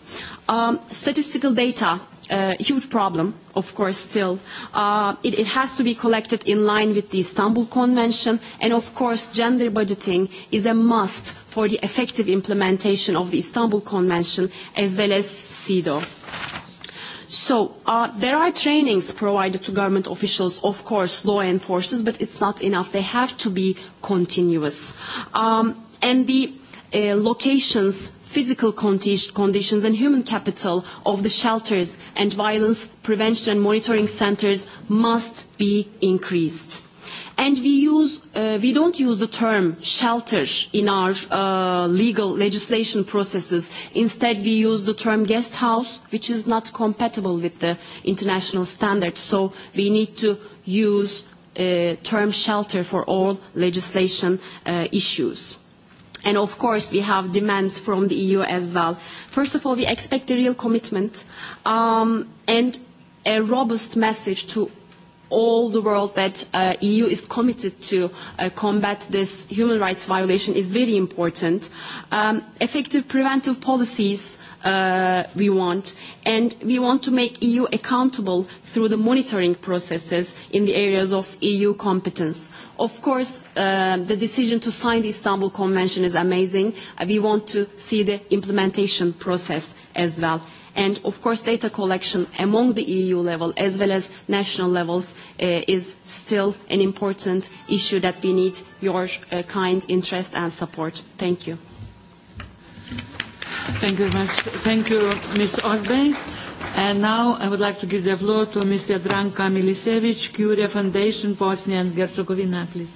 statistical data a huge problem, of course, still. Uh, it, it has to be collected in line with the Istanbul Convention, and of course, gender budgeting is a must for the effective implementation of the Istanbul Convention as well as CEDAW. So uh, there are trainings provided to government officials, of course, law enforcers, but it's not enough. They have to be continuous. Um, and the uh, locations physical conditions and human capital of the shelters and violence prevention and monitoring centres must be increased. And we, use, uh, we don't use the term shelter in our uh, legal legislation processes. Instead, we use the term guest house, which is not compatible with the international standards. So we need to use uh, term shelter for all legislation uh, issues. And of course, we have demands from the EU as well. First of all, we expect a real commitment and a robust message to all the world that uh, EU is committed to uh, combat this human rights violation is very important. Um, effective preventive policies uh, we want. And we want to make EU accountable through the monitoring processes in the areas of EU competence. Of course, uh, the decision to sign the Istanbul Convention is amazing. We want to see the implementation process as well and of course data collection among the EU level as well as national levels is still an important issue that we need your kind interest and support. Thank you. Thank you much. Thank you, Ms. Osbey. And now I would like to give the floor to Mr. Dranka Milisevic, Curia Foundation, Bosnia and Herzegovina, please.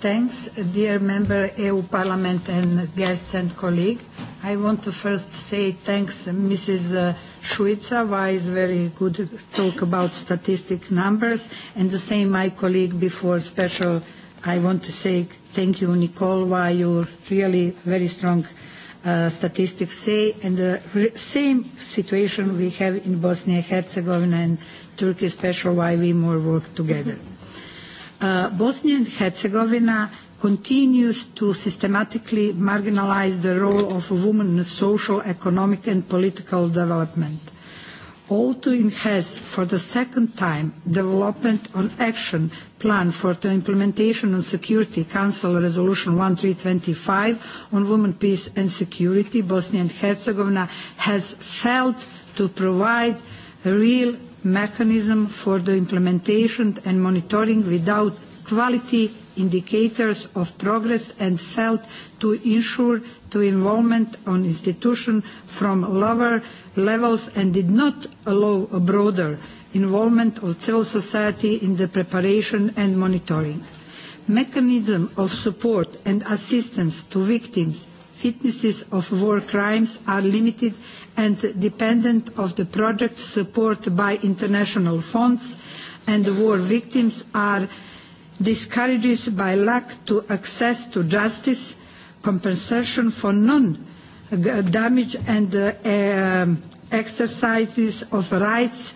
Thanks, dear member EU Parliament and guests and colleagues. I want to first say thanks, Mrs. Schwitzer why is very good to talk about statistic numbers, and the same my colleague before, special I want to say thank you, Nicole, why you really very strong uh, statistics say, and the same situation we have in Bosnia and Herzegovina and Turkey, especially why we more work together. Uh, Bosnia and Herzegovina continues to systematically marginalize the role of women in social, economic and political development all to enhance for the second time development on action plan for the implementation on security council resolution 1325 on women peace and security bosnia and herzegovina has failed to provide a real mechanism for the implementation and monitoring without quality indicators of progress and failed to ensure to involvement on institution from lower levels and did not allow a broader involvement of civil society in the preparation and monitoring. Mechanism of support and assistance to victims, witnesses of war crimes are limited and dependent of the project support by international funds and war victims are discourages by lack to access to justice compensation for non damage and uh, um, exercises of rights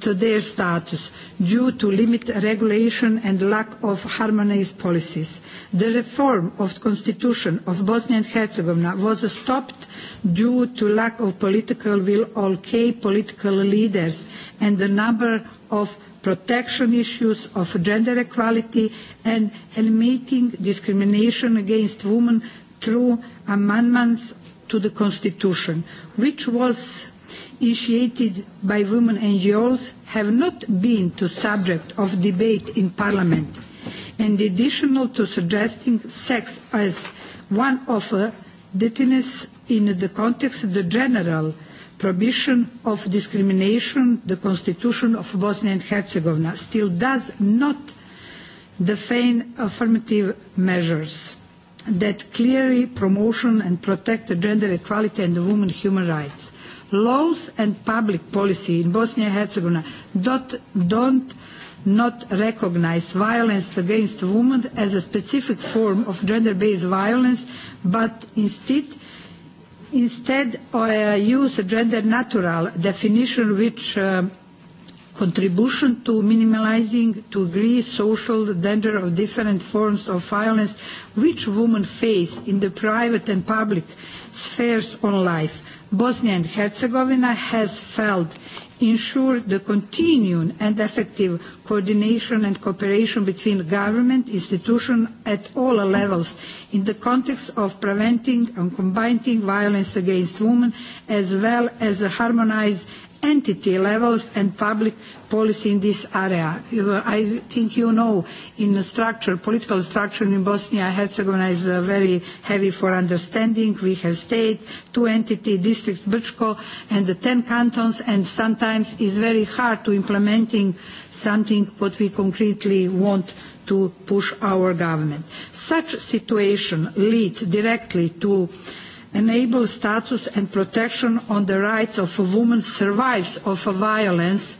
to their status due to limit regulation and lack of harmonized policies. The reform of the constitution of Bosnia and Herzegovina was stopped due to lack of political will of key political leaders and the number of protection issues of gender equality, and eliminating discrimination against women through amendments to the Constitution, which was initiated by women NGOs, have not been the subject of debate in Parliament. And additional to suggesting sex as one of the in the context of the general prohibition of discrimination, the constitution of Bosnia and Herzegovina still does not define affirmative measures that clearly promotion and protect gender equality and women's human rights. Laws and public policy in Bosnia and Herzegovina don't, don't not recognize violence against women as a specific form of gender-based violence, but instead Instead, I use a gender natural definition which uh, contribution to minimizing to agree social danger of different forms of violence which women face in the private and public spheres on life. Bosnia and Herzegovina has felt ensure the continuing and effective coordination and cooperation between government institutions at all levels in the context of preventing and combating violence against women as well as a harmonised entity levels and public policy in this area. I think you know in the structure, political structure in Bosnia and Herzegovina is very heavy for understanding. We have state, two entity, district Brčko and the 10 cantons and sometimes it's very hard to implementing something what we concretely want to push our government. Such situation leads directly to uh, enable status and protection on the rights of a woman survives of violence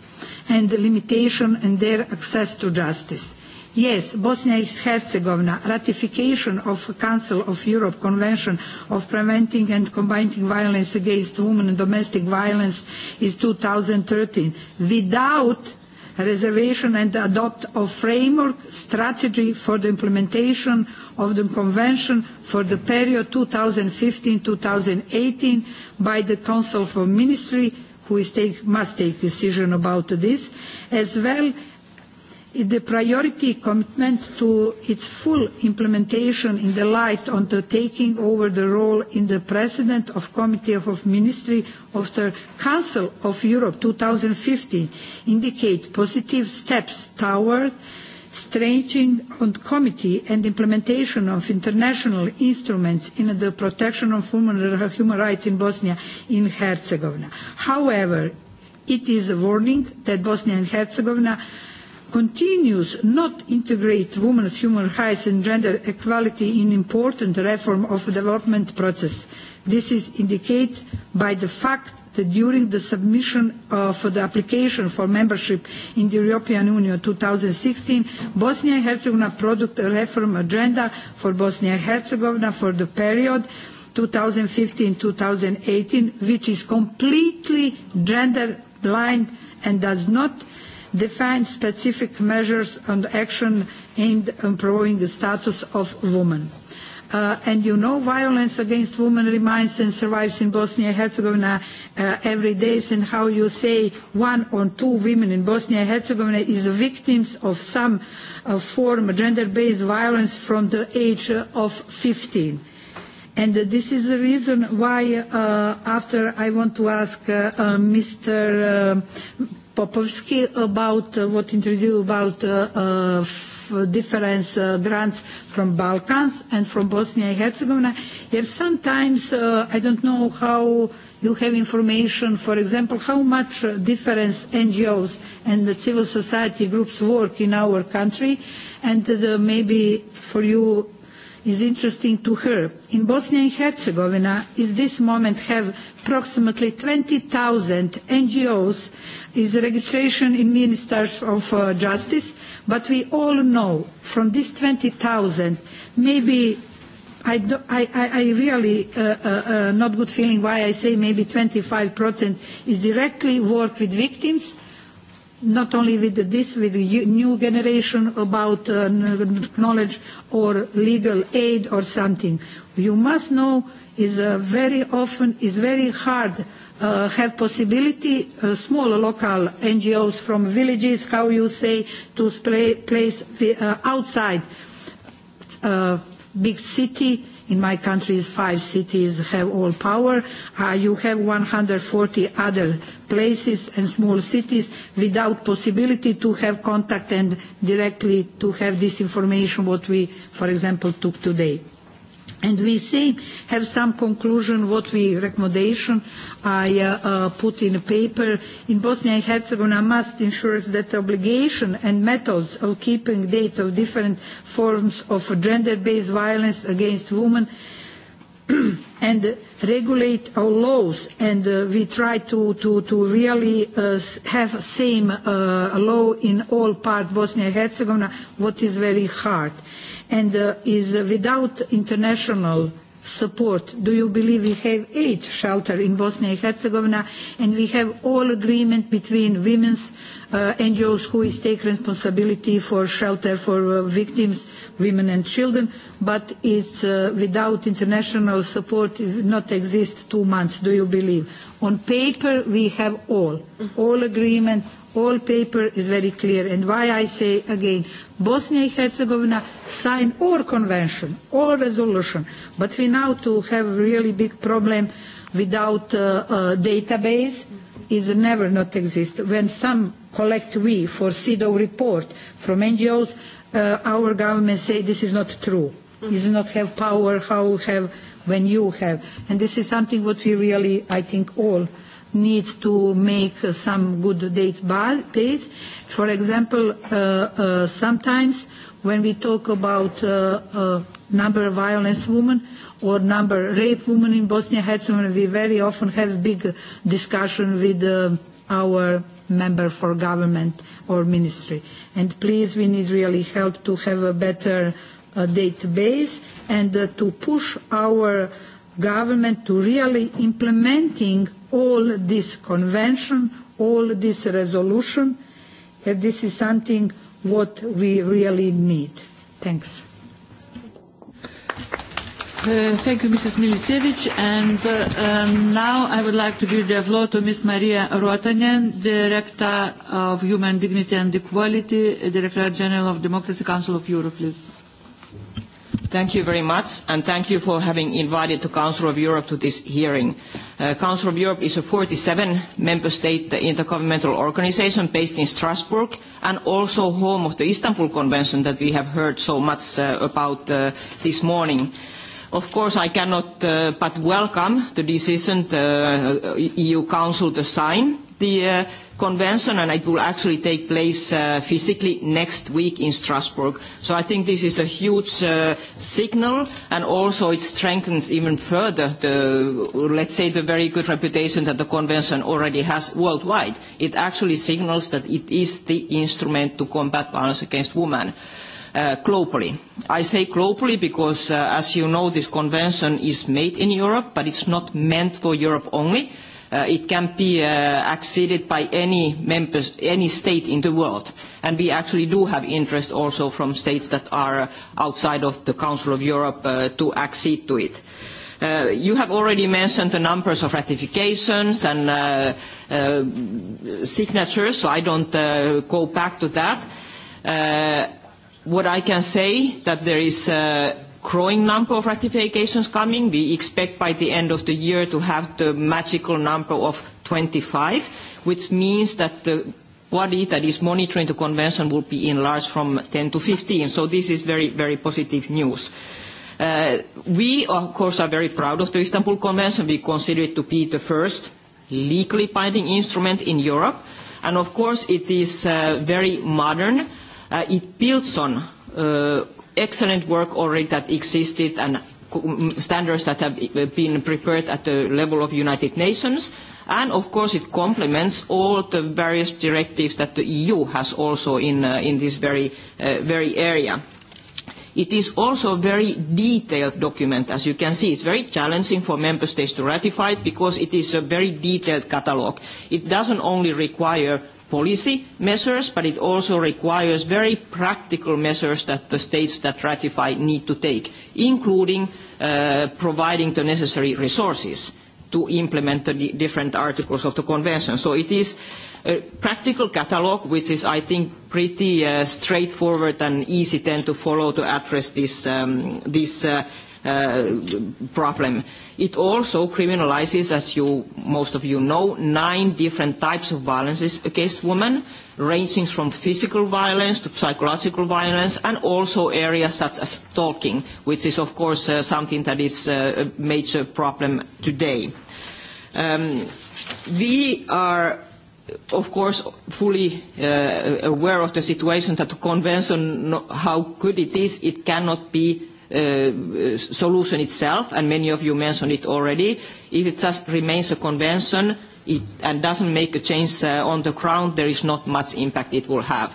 and the limitation in their access to justice. Yes, Bosnia and Herzegovina, ratification of the Council of Europe Convention of Preventing and Combating Violence Against Women and Domestic Violence is thirteen without reservation and adopt a framework strategy for the implementation of the Convention for the period 2015-2018 by the Council for Ministry, who is take, must take decision about this, as well the priority commitment to its full implementation in the light of the taking over the role in the President of Committee of Ministry of the Council of Europe fifteen indicate positive steps toward strengthening on committee and implementation of international instruments in the protection of human rights in Bosnia and Herzegovina. However, it is a warning that Bosnia and Herzegovina continues not integrate women's human rights and gender equality in important reform of development process. This is indicated by the fact that during the submission of the application for membership in the European Union 2016, Bosnia and Herzegovina product a reform agenda for Bosnia and Herzegovina for the period 2015-2018, which is completely gender blind and does not define specific measures and action aimed at improving the status of women. Uh, and you know, violence against women remains and survives in Bosnia and Herzegovina uh, every day. And how you say one or two women in Bosnia and Herzegovina is victims of some uh, form of gender-based violence from the age of 15. And this is the reason why, uh, after I want to ask uh, uh, Mr. Uh, Popovsky about uh, what introduced about uh, uh, difference uh, grants from Balkans and from Bosnia and Herzegovina. Yes, sometimes uh, I don't know how you have information, for example, how much uh, difference NGOs and the civil society groups work in our country, and uh, maybe for you is interesting to her. In Bosnia and Herzegovina, at this moment have approximately 20,000 NGOs is registration in ministers of uh, justice, but we all know from these 20,000, maybe I, do, I, I, I really uh, uh, uh, not good feeling why I say maybe 25% is directly work with victims, not only with this, with the new generation about knowledge or legal aid or something. You must know is very often is very hard uh, have possibility uh, small local NGOs from villages, how you say, to place outside uh, big city In my country, five cities have all power. Uh, you have 140 other places and small cities without possibility to have contact and directly to have this information what we, for example, took today. And we say, have some conclusion, what we recommendation I uh, uh, put in a paper. In Bosnia and Herzegovina must ensure that obligation and methods of keeping data of different forms of gender-based violence against women and regulate our laws and uh, we try to, to, to really uh, have same uh, law in all part Bosnia and Herzegovina, what is very hard. Uh, and is without international support do you believe we have eight shelters in Bosnia and Herzegovina and we have all agreement between women's uh, NGOs who is take responsibility for shelter for uh, victims, women and children but it's uh, without international support it not exist two months do you believe on paper we have all all agreement all paper is very clear and why I say again Bosnia and Herzegovina sign all convention all resolution, but we now to have really big problem without a a database is never not exist. When some collect we for CEDAW report from NGOs, uh, our government say this is not true. Is not have power how have when you have, and this is something what we really I think all need to make some good database. For example, sometimes when we talk about number of violence women or number rape women in Bosnia and Herzegovina, we very often have big discussion with our member for government or ministry. And please, we need really help to have a better database and to push our government to really implementing all this convention, all this resolution, and this is something what we really need. Thanks. Uh, thank you, Mrs. Milicevic. And uh, um, now I would like to give the floor to Ms. Maria Rotanen, Director of Human Dignity and Equality, Director General of Democracy Council of Europe, please. Thank you very much, and thank you for having invited the Council of Europe to this hearing. Uh, Council of Europe is a 47-member state intergovernmental organization based in Strasbourg and also home of the Istanbul Convention that we have heard so much uh, about uh, this morning. Of course, I cannot uh, but welcome the decision the EU Council to sign the uh, convention, and it will actually take place uh, physically next week in Strasbourg. So I think this is a huge uh, signal, and also it strengthens even further the, let's say, the very good reputation that the convention already has worldwide. It actually signals that it is the instrument to combat violence against women globally. I say globally because, as you know, this convention is made in Europe, but it's not meant for Europe only it can be acceded by any members, any state in the world. And we actually do have interest also from states that are outside of the Council of Europe to accede to it. You have already mentioned the numbers of ratifications and signatures, so I don't go back to that. What I can say that there is growing number of ratifications coming. We expect by the end of the year to have the magical number of 25, which means that the body that is monitoring the convention will be enlarged from 10 to 15. So this is very, very positive news. Uh, we, of course, are very proud of the Istanbul Convention. We consider it to be the first legally binding instrument in Europe. And of course, it is uh, very modern. Uh, it builds on uh, excellent work already that existed and standards that have been prepared at the level of United Nations. And of course, it complements all the various directives that the EU has also in, uh, in this very, uh, very area. It is also a very detailed document, as you can see. It's very challenging for member states to ratify it because it is a very detailed catalogue. It doesn't only require policy measures, but it also requires very practical measures that the states that ratify need to take, including uh, providing the necessary resources to implement the different articles of the convention. So it is a practical catalogue, which is, I think, pretty uh, straightforward and easy then to follow to address this, um, this uh, uh, problem. Uh, It also criminalizes, as you, most of you know, nine different types of violences against women, ranging from physical violence to psychological violence, and also areas such as stalking, which is, of course, uh, something that is uh, a major problem today. Um, we are of course, fully uh, aware of the situation that the convention, how good it is, it cannot be solution itself, and many of you mentioned it already. If it just remains a convention it, and doesn't make a change uh, on the ground, there is not much impact it will have.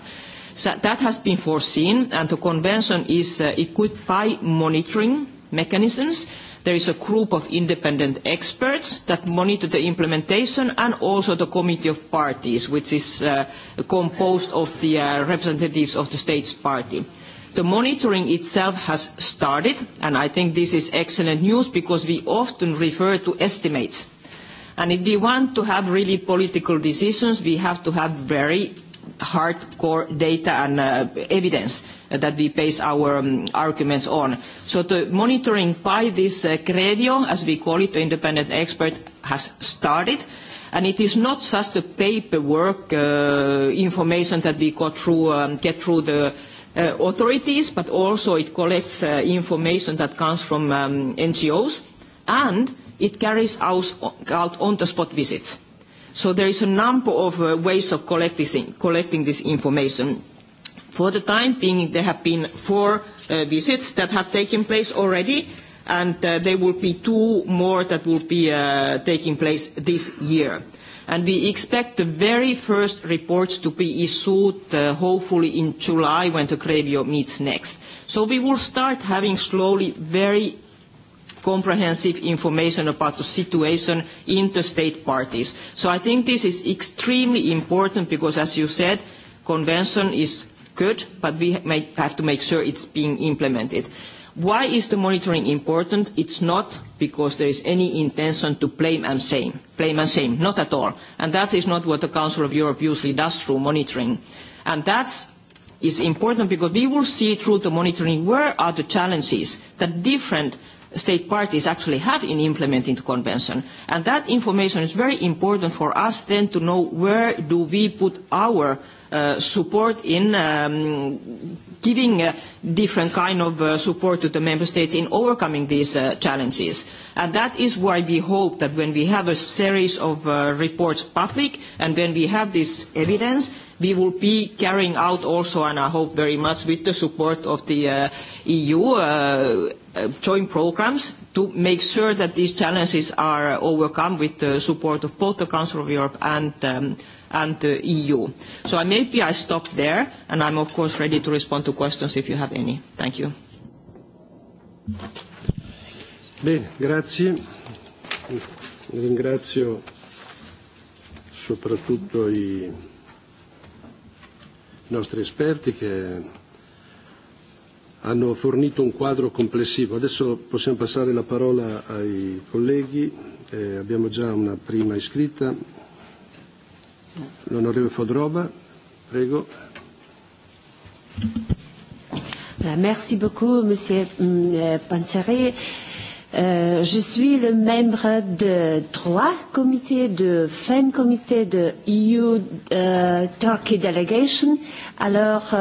So that has been foreseen, and the convention is uh, equipped by monitoring mechanisms. There is a group of independent experts that monitor the implementation and also the committee of parties, which is uh, composed of the uh, representatives of the state's party. The monitoring itself has started, and I think this is excellent news because we often refer to estimates. And if we want to have really political decisions, we have to have very hardcore data and uh, evidence that we base our um, arguments on. So the monitoring by this uh, CREVIO, as we call it, the independent expert, has started. And it is not just the paperwork uh, information that we got through, um, get through the authorities, but also it collects information that comes from NGOs, and it carries out on-the-spot visits. So there is a number of ways of collecting this information. For the time being, there have been four visits that have taken place already, and there will be two more that will be taking place this year and we expect the very first reports to be issued hopefully in July when the Grevio meets next. So we will start having slowly very comprehensive information about the situation in the state parties. So I think this is extremely important because, as you said, convention is good, but we have to make sure it's being implemented. Why is the monitoring important? It's not because there is any intention to blame and shame. Blame and shame, not at all. And that is not what the Council of Europe usually does through monitoring. And that is important because we will see through the monitoring where are the challenges that different state parties actually have in implementing the convention. And that information is very important for us then to know where do we put our support in um, giving a different kind of uh, support to the member states in overcoming these uh, challenges. And that is why we hope that when we have a series of uh, reports public and when we have this evidence, we will be carrying out also, and I hope very much with the support of the uh, EU, uh, joint programmes to make sure that these challenges are overcome with the support of both the Council of Europe and um, and the EU. So I maybe I stop there, and I'm of course ready to respond to questions if you have any. Thank you. Bene, grazie. Ringrazio soprattutto i nostri esperti che hanno fornito un quadro complessivo. Adesso possiamo passare la parola ai colleghi. Eh, abbiamo già una prima iscritta, L'onorevole prego. Merci beaucoup, Monsieur Panzeri. je suis le membre de trois comités de FEM, comité de EU Turkey Delegation. Alors,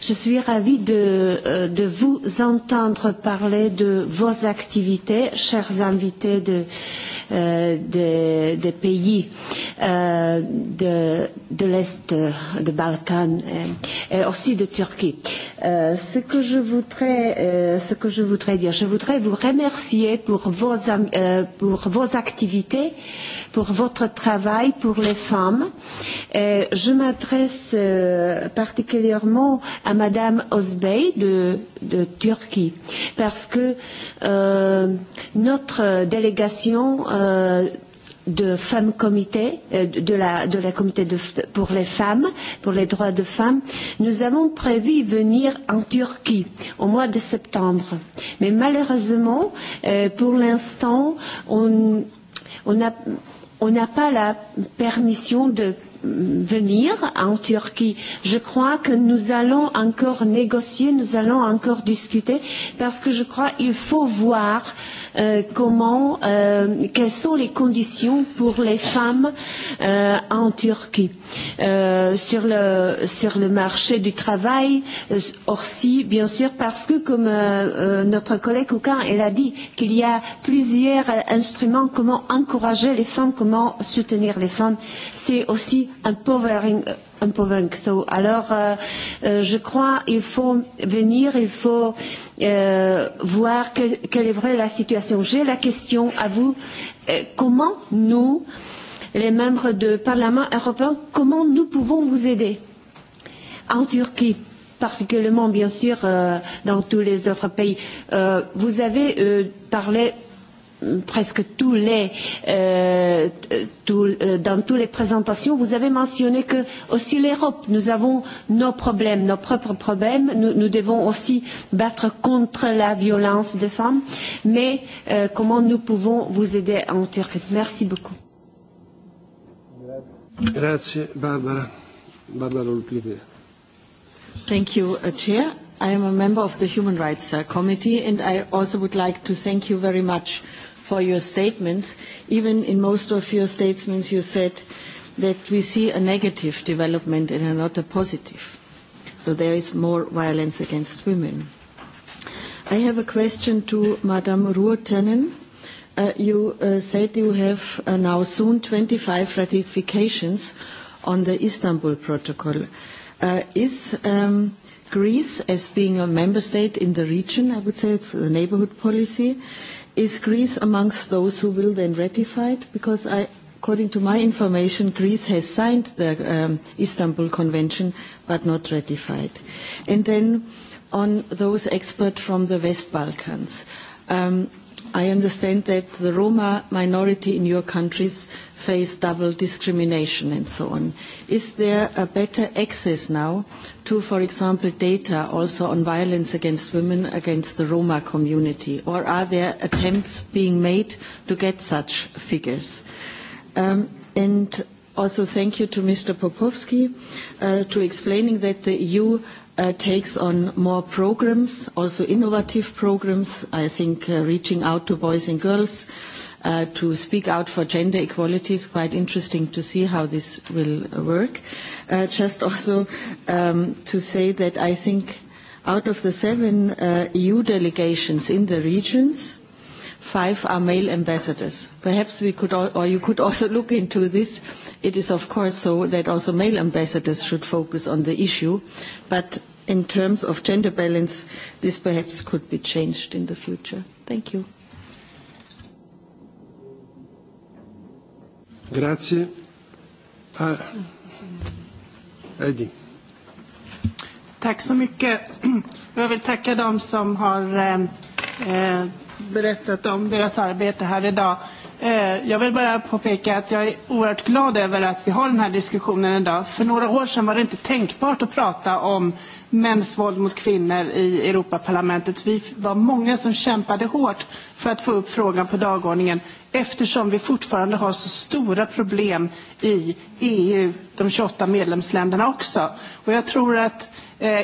je suis ravie de, de vous entendre parler de vos activités, chers invités de des, des pays euh, de, de l'Est, de Balkan et aussi de Turquie. Euh, ce, que je voudrais, euh, ce que je voudrais dire, je voudrais vous remercier pour vos, euh, pour vos activités pour votre travail pour les femmes. Et je m'adresse euh, particulièrement à Madame Osbey de, de Turquie parce que euh, notre délégation euh, de femmes comité de la de la comité de, pour les femmes pour les droits de femmes nous avons prévu venir en Turquie au mois de septembre mais malheureusement euh, pour l'instant on on a on n'a pas la permission de venir en Turquie. Je crois que nous allons encore négocier, nous allons encore discuter, parce que je crois qu'il faut voir euh, comment, quelles sont les conditions pour les femmes en Turquie sur le sur le marché du travail aussi bien sûr parce que comme notre collègue Koukan elle a dit qu'il y a plusieurs instruments comment encourager les femmes comment soutenir les femmes c'est aussi empowering empowering. So, alors, euh, euh, je crois qu'il faut venir, il faut euh, voir que, quelle est vraie la situation. J'ai la question à vous. Euh, comment nous, les membres du Parlement européen, comment nous pouvons vous aider en Turquie particulièrement bien sûr euh, dans tous les autres pays. Euh, vous avez euh, parlé presque tous les, euh, tout, euh, dans toutes les présentations, vous avez mentionné que aussi l'Europe, nous avons nos problèmes, nos propres problèmes. Nous, nous devons aussi battre contre la violence des femmes. Mais euh, comment nous pouvons vous aider en Turquie Merci beaucoup. Barbara. Barbara Thank you, Chair. I am a member of the Human Rights uh, Committee, and I also would like to thank you very much for your statements. Even in most of your statements, you said that we see a negative development and not a positive. So there is more violence against women. I have a question to Madame Ruotanen. You said you have now soon 25 ratifications on the Istanbul Protocol. Is Greece, as being a member state in the region, I would say it's the neighborhood policy, Is Greece amongst those who will then ratify it? Because I, according to my information, Greece has signed the um, Istanbul Convention but not ratified. And then on those experts from the West Balkans. Um, I understand that the Roma minority in your countries face double discrimination and so on. Is there a better access now to, for example, data also on violence against women against the Roma community? Or are there attempts being made to get such figures? and also thank you to Mr. Popovsky uh, to explaining that the EU takes on more programs, also innovative programs. I think reaching out to boys and girls to speak out for gender equality is quite interesting to see how this will work. Just also to say that I think out of the seven EU delegations in the regions, five are male ambassadors. Perhaps we could, al- or you could also look into this. It is of course so that also male ambassadors should focus on the issue, but in terms of gender balance, this perhaps could be changed in the future. Thank you. Grazie. Ah, Eddie. Tack så mycket. Jag vill tacka dem som har eh, berättat om deras arbete här idag. Jag vill bara påpeka att jag är oerhört glad över att vi har den här diskussionen idag. För några år sedan var det inte tänkbart att prata om mäns våld mot kvinnor i Europaparlamentet. Vi var många som kämpade hårt för att få upp frågan på dagordningen eftersom vi fortfarande har så stora problem i EU, de 28 medlemsländerna också. Och jag tror att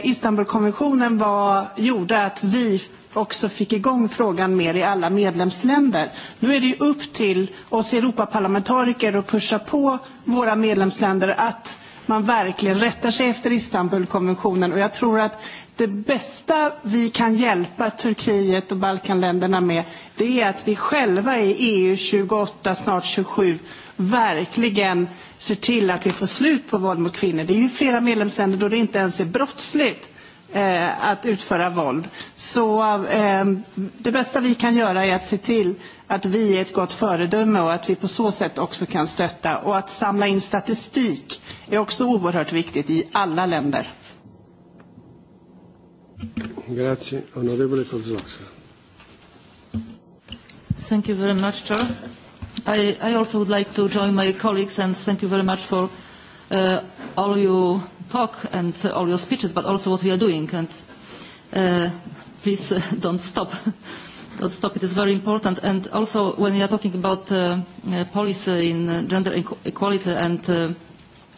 Istanbulkonventionen var, gjorde att vi också fick igång frågan mer i alla medlemsländer. Nu är det ju upp till oss Europaparlamentariker att pusha på våra medlemsländer att man verkligen rättar sig efter Istanbulkonventionen. Och jag tror att det bästa vi kan hjälpa Turkiet och Balkanländerna med det är att vi själva i EU 28, snart 27, verkligen ser till att vi får slut på våld mot kvinnor. Det är ju flera medlemsländer då det inte ens är brottsligt att utföra våld. Så det bästa vi kan göra är att se till att vi är ett gott föredöme och att vi på så sätt också kan stötta. Och att samla in statistik är också oerhört viktigt i alla länder. Grazie. Onorevole Thank you very much, Chair. I, I also would like to join my colleagues and thank you very much for uh, all you talk and all your speeches, but also what we are doing. And uh, please uh, don't stop. don't stop. It is very important. And also when you are talking about uh, uh, policy in uh, gender equality and uh,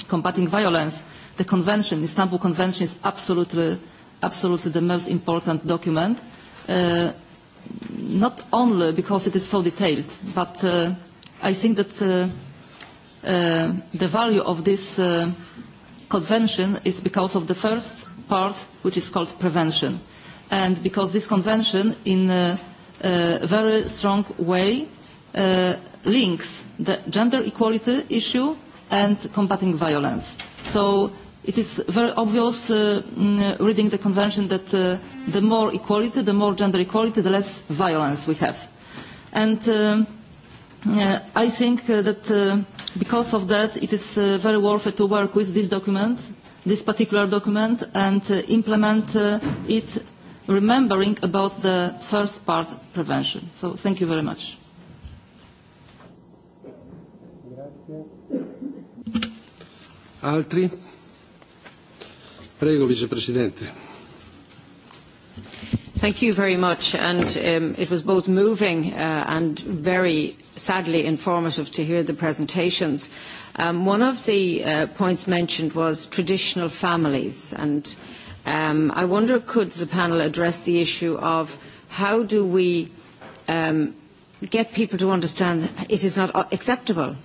combating violence, the convention, the Istanbul Convention, is absolutely, absolutely the most important document. Uh, not only because it is so detailed, but uh, I think that uh, uh, the value of this uh, convention is because of the first part, which is called prevention. And because this convention, in a, a very strong way, uh, links the gender equality issue and combating violence. So it is very obvious uh, reading the convention that uh, the more equality, the more gender equality, the less violence we have. And I think that because of that, it is very worth it to work with this document, this particular document, and implement it, remembering about the first part, prevention. So thank you very much. Altri? Prego, Vicepresidente. Thank you very much. And um, it was both moving uh, and very sadly informative to hear the presentations. Um, one of the uh, points mentioned was traditional families, and um, I wonder could the panel address the issue of how do we um, get people to understand it is not acceptable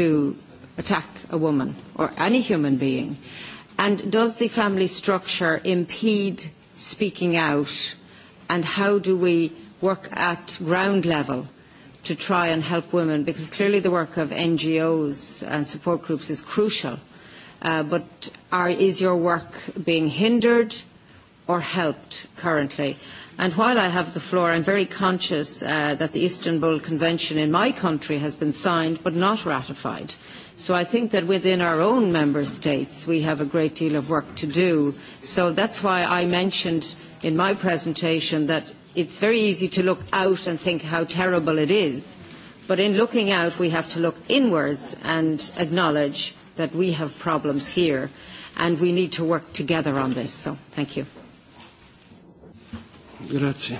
to attack a woman or any human being? And does the family structure impede speaking out? And how do we work at ground level to try and help women because clearly the work of NGOs and support groups is crucial. Uh, but are, is your work being hindered or helped currently? And while I have the floor, I'm very conscious uh, that the Istanbul Convention in my country has been signed but not ratified. So I think that within our own member states, we have a great deal of work to do. So that's why I mentioned in my presentation that it's very easy to look out and think how terrible it is. But in looking out, we have to look inwards and acknowledge that we have problems here and we need to work together on this. So thank you. Grazie.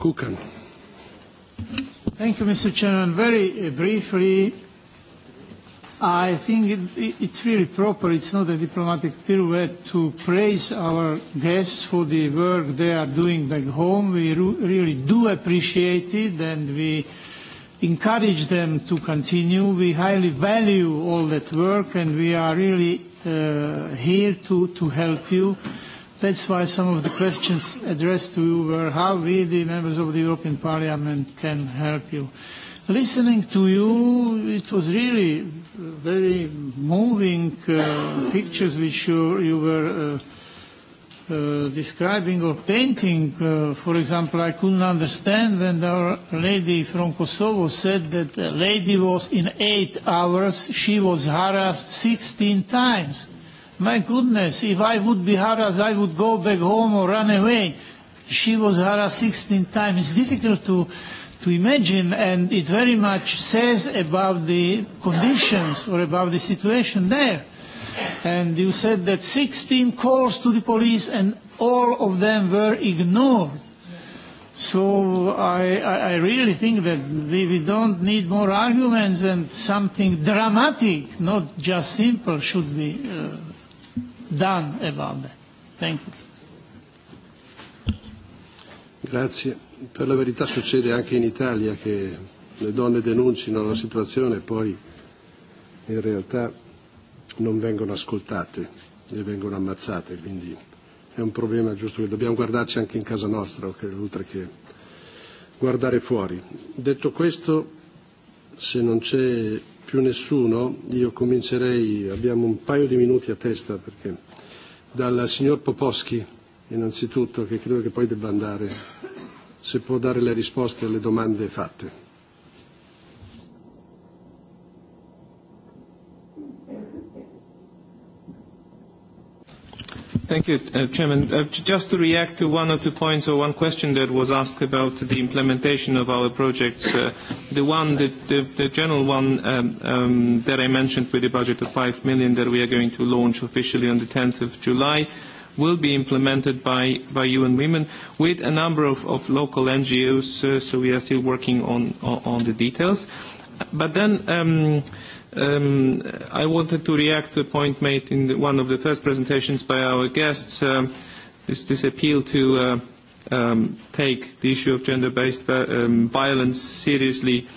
Kukan. Thank you, Mr. Chairman. Very briefly, I think it, it's really proper, it's not a diplomatic pirouette to praise our guests for the work they are doing back home. We really do appreciate it and we encourage them to continue. We highly value all that work and we are really uh, here to, to help you. That's why some of the questions addressed to you were how we, the members of the European Parliament, can help you. Uh, Listening to you, it was really very moving uh, pictures which you, you were uh, uh, describing or painting. Uh, for example, I couldn't understand when our lady from Kosovo said that a lady was in eight hours, she was harassed 16 times. My goodness, if I would be harassed, I would go back home or run away. She was harassed 16 times. It's difficult to to imagine, and it very much says about the conditions or about the situation there. And you said that 16 calls to the police, and all of them were ignored. So I, I, I really think that we, we don't need more arguments, and something dramatic, not just simple, should be uh, done about that. Thank you. Grazie per la verità succede anche in Italia che le donne denunciano la situazione e poi in realtà non vengono ascoltate e vengono ammazzate, quindi è un problema giusto che dobbiamo guardarci anche in casa nostra, oltre che guardare fuori. Detto questo, se non c'è più nessuno, io comincerei, abbiamo un paio di minuti a testa, perché dal signor Poposchi innanzitutto, che credo che poi debba andare se può dare le risposte alle domande fatte. Thank you, uh, Chairman. Uh, just to react to one or two points or one question that was asked about the implementation of our projects, uh, the one, the, the, the general one um, um, that I mentioned with the budget of 5 million that we are going to launch officially on the 10th of July, uh, will be implemented by, by UN Women with a number of, of local NGOs, uh, so we are still working on, on, on the details. But then um, um, I wanted to react to a point made in the, one of the first presentations by our guests, um, this, this appeal to uh, um, take the issue of gender-based um, violence seriously uh,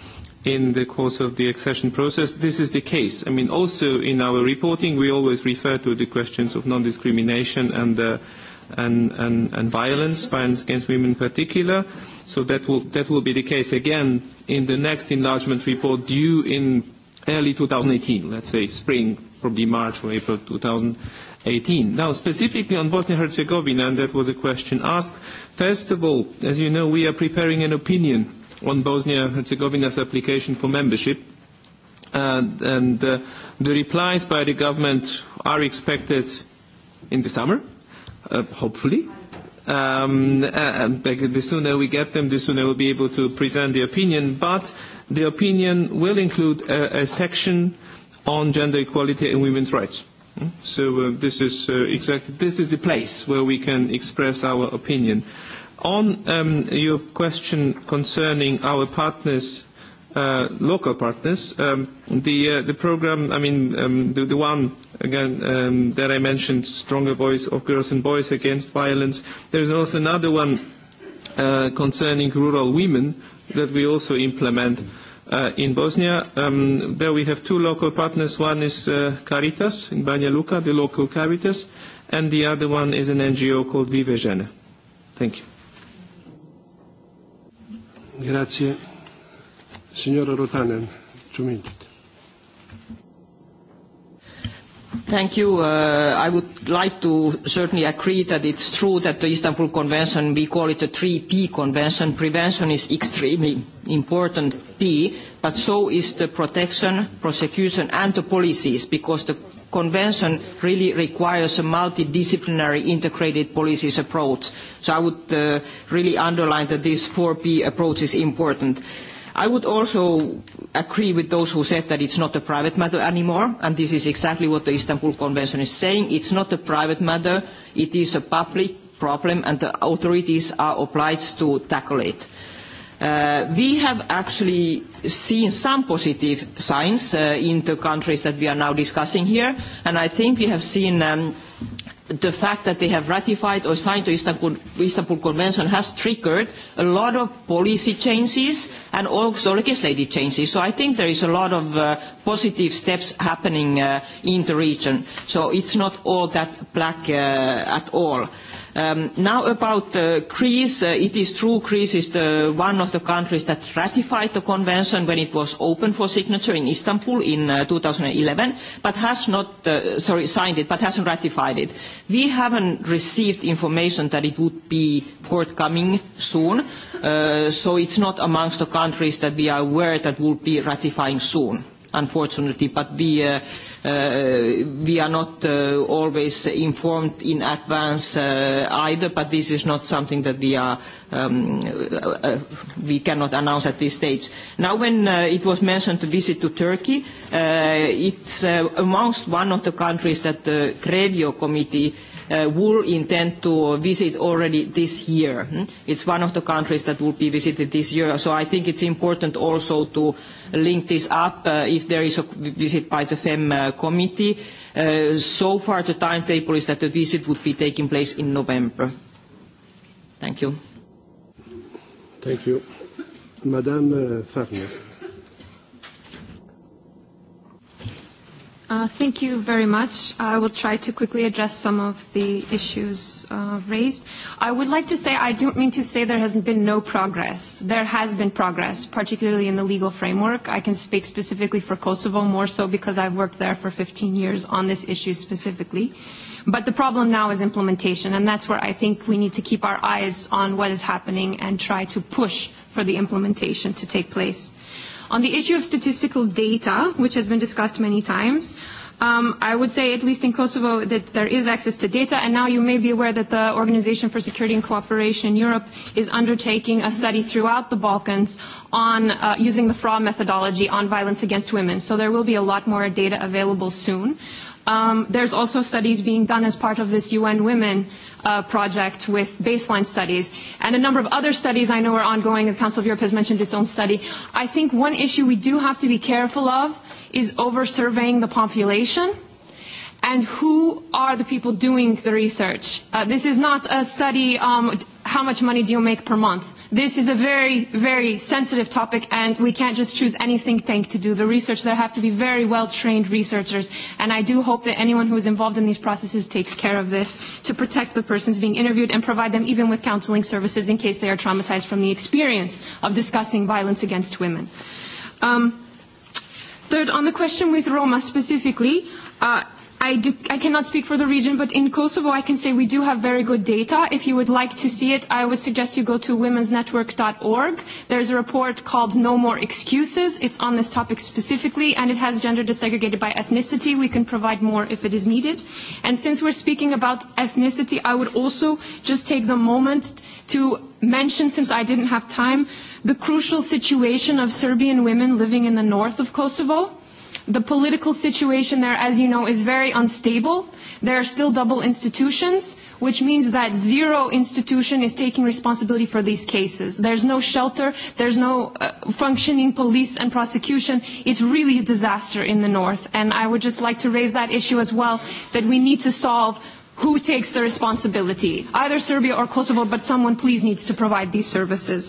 in the course of the accession process. This is the case. I mean, also in our reporting, we always refer to the questions of non-discrimination and, uh, and, and, and violence, violence against women in particular. So that will, that will be the case again in the next enlargement report due in early 2018, let's say spring, probably March or April 2018. Now, specifically on Bosnia-Herzegovina, and that was a question asked, first of all, as you know, we are preparing an opinion on Bosnia-Herzegovina's application for membership. And, and uh, the replies by the government are expected in the summer, uh, hopefully. Um, and the sooner we get them, the sooner we'll be able to present the opinion. But the opinion will include a, a section on gender equality and women's rights. So uh, this is uh, exactly this is the place where we can express our opinion. Uh, On your question concerning our partners, local partners, the program, I mean, the one again that I mentioned, Stronger Voice of Girls and Boys Against Violence. There is also another one concerning rural women that we also implement in Bosnia. There we have two local partners. One is Caritas in Banja Luka, the local Caritas, and the other one is an NGO called Vive Žene. Thank you. Grazie. Signora Rotanen, two minutes. Thank you. I would like to certainly agree that it's true that the Istanbul Convention, we call it the three P Convention. Prevention is extremely important P, but so is the protection, prosecution, and the policies, because the convention really requires a multidisciplinary integrated policies approach. So I would uh, really underline that this 4P approach is important. I would also agree with those who said that it's not a private matter anymore, and this is exactly what the Istanbul Convention is saying. It's not a private matter, it is a public problem, and the authorities are obliged to tackle it. We have actually seen some positive signs in the countries that we are now discussing here, and I think we have seen the fact that they have ratified or signed the Istanbul, Convention has triggered a lot of policy changes and also legislative changes. So I think there is a lot of positive steps happening in the region. So it's not all that black at all. Now about Greece, it is true Greece is one of the countries that ratified the convention when it was open for signature in Istanbul in 2011, but has not, sorry, signed it, but hasn't ratified it. We haven't received information that it would be forthcoming soon, so it's not amongst the countries that we are aware that will be ratifying soon unfortunately, but we are not always informed in advance either, but this is not something that we cannot announce at this stage. Now, when it was mentioned the visit to Turkey, it's amongst one of the countries that the Grevio Committee will intend to visit already this year. It's one of the countries that will be visited this year. So I think it's important also to link this up if there is a visit by the FEM committee. So far, the timetable is that the visit would be taking place in November. Thank you. Thank you. Madame Farnes. Uh, thank you very much. I will try to quickly address some of the issues uh, raised. I would like to say I don't mean to say there hasn't been no progress. There has been progress, particularly in the legal framework. I can speak specifically for Kosovo, more so because I've worked there for 15 years on this issue specifically. But the problem now is implementation, and that's where I think we need to keep our eyes on what is happening and try to push for the implementation to take place. On the issue of statistical data, which has been discussed many times, um, I would say, at least in Kosovo, that there is access to data. And now you may be aware that the Organization for Security and Cooperation in Europe is undertaking a study throughout the Balkans on uh, using the fraud methodology on violence against women. So there will be a lot more data available soon. Um, there's also studies being done as part of this UN Women uh, project with baseline studies. And a number of other studies I know are ongoing. The Council of Europe has mentioned its own study. I think one issue we do have to be careful of is over-surveying the population and who are the people doing the research. Uh, this is not a study um, how much money do you make per month This is a very, very sensitive topic, and we can't just choose any think tank to do the research. There have to be very well-trained researchers, and I do hope that anyone who is involved in these processes takes care of this to protect the persons being interviewed and provide them even with counseling services in case they are traumatized from the experience of discussing violence against women. Um, third, on the question with Roma specifically, uh, I, do, I cannot speak for the region, but in Kosovo, I can say we do have very good data. If you would like to see it, I would suggest you go to womensnetwork.org. There's a report called No More Excuses. It's on this topic specifically, and it has gender desegregated by ethnicity. We can provide more if it is needed. And since we're speaking about ethnicity, I would also just take the moment to mention, since I didn't have time, the crucial situation of Serbian women living in the north of Kosovo The political situation there, as you know, is very unstable. There are still double institutions, which means that zero institution is taking responsibility for these cases. There's no shelter, there's no uh, functioning police and prosecution. It's really a disaster in the north. And I would just like to raise that issue as well, that we need to solve who takes the responsibility, either Serbia or Kosovo, but someone please needs to provide these services.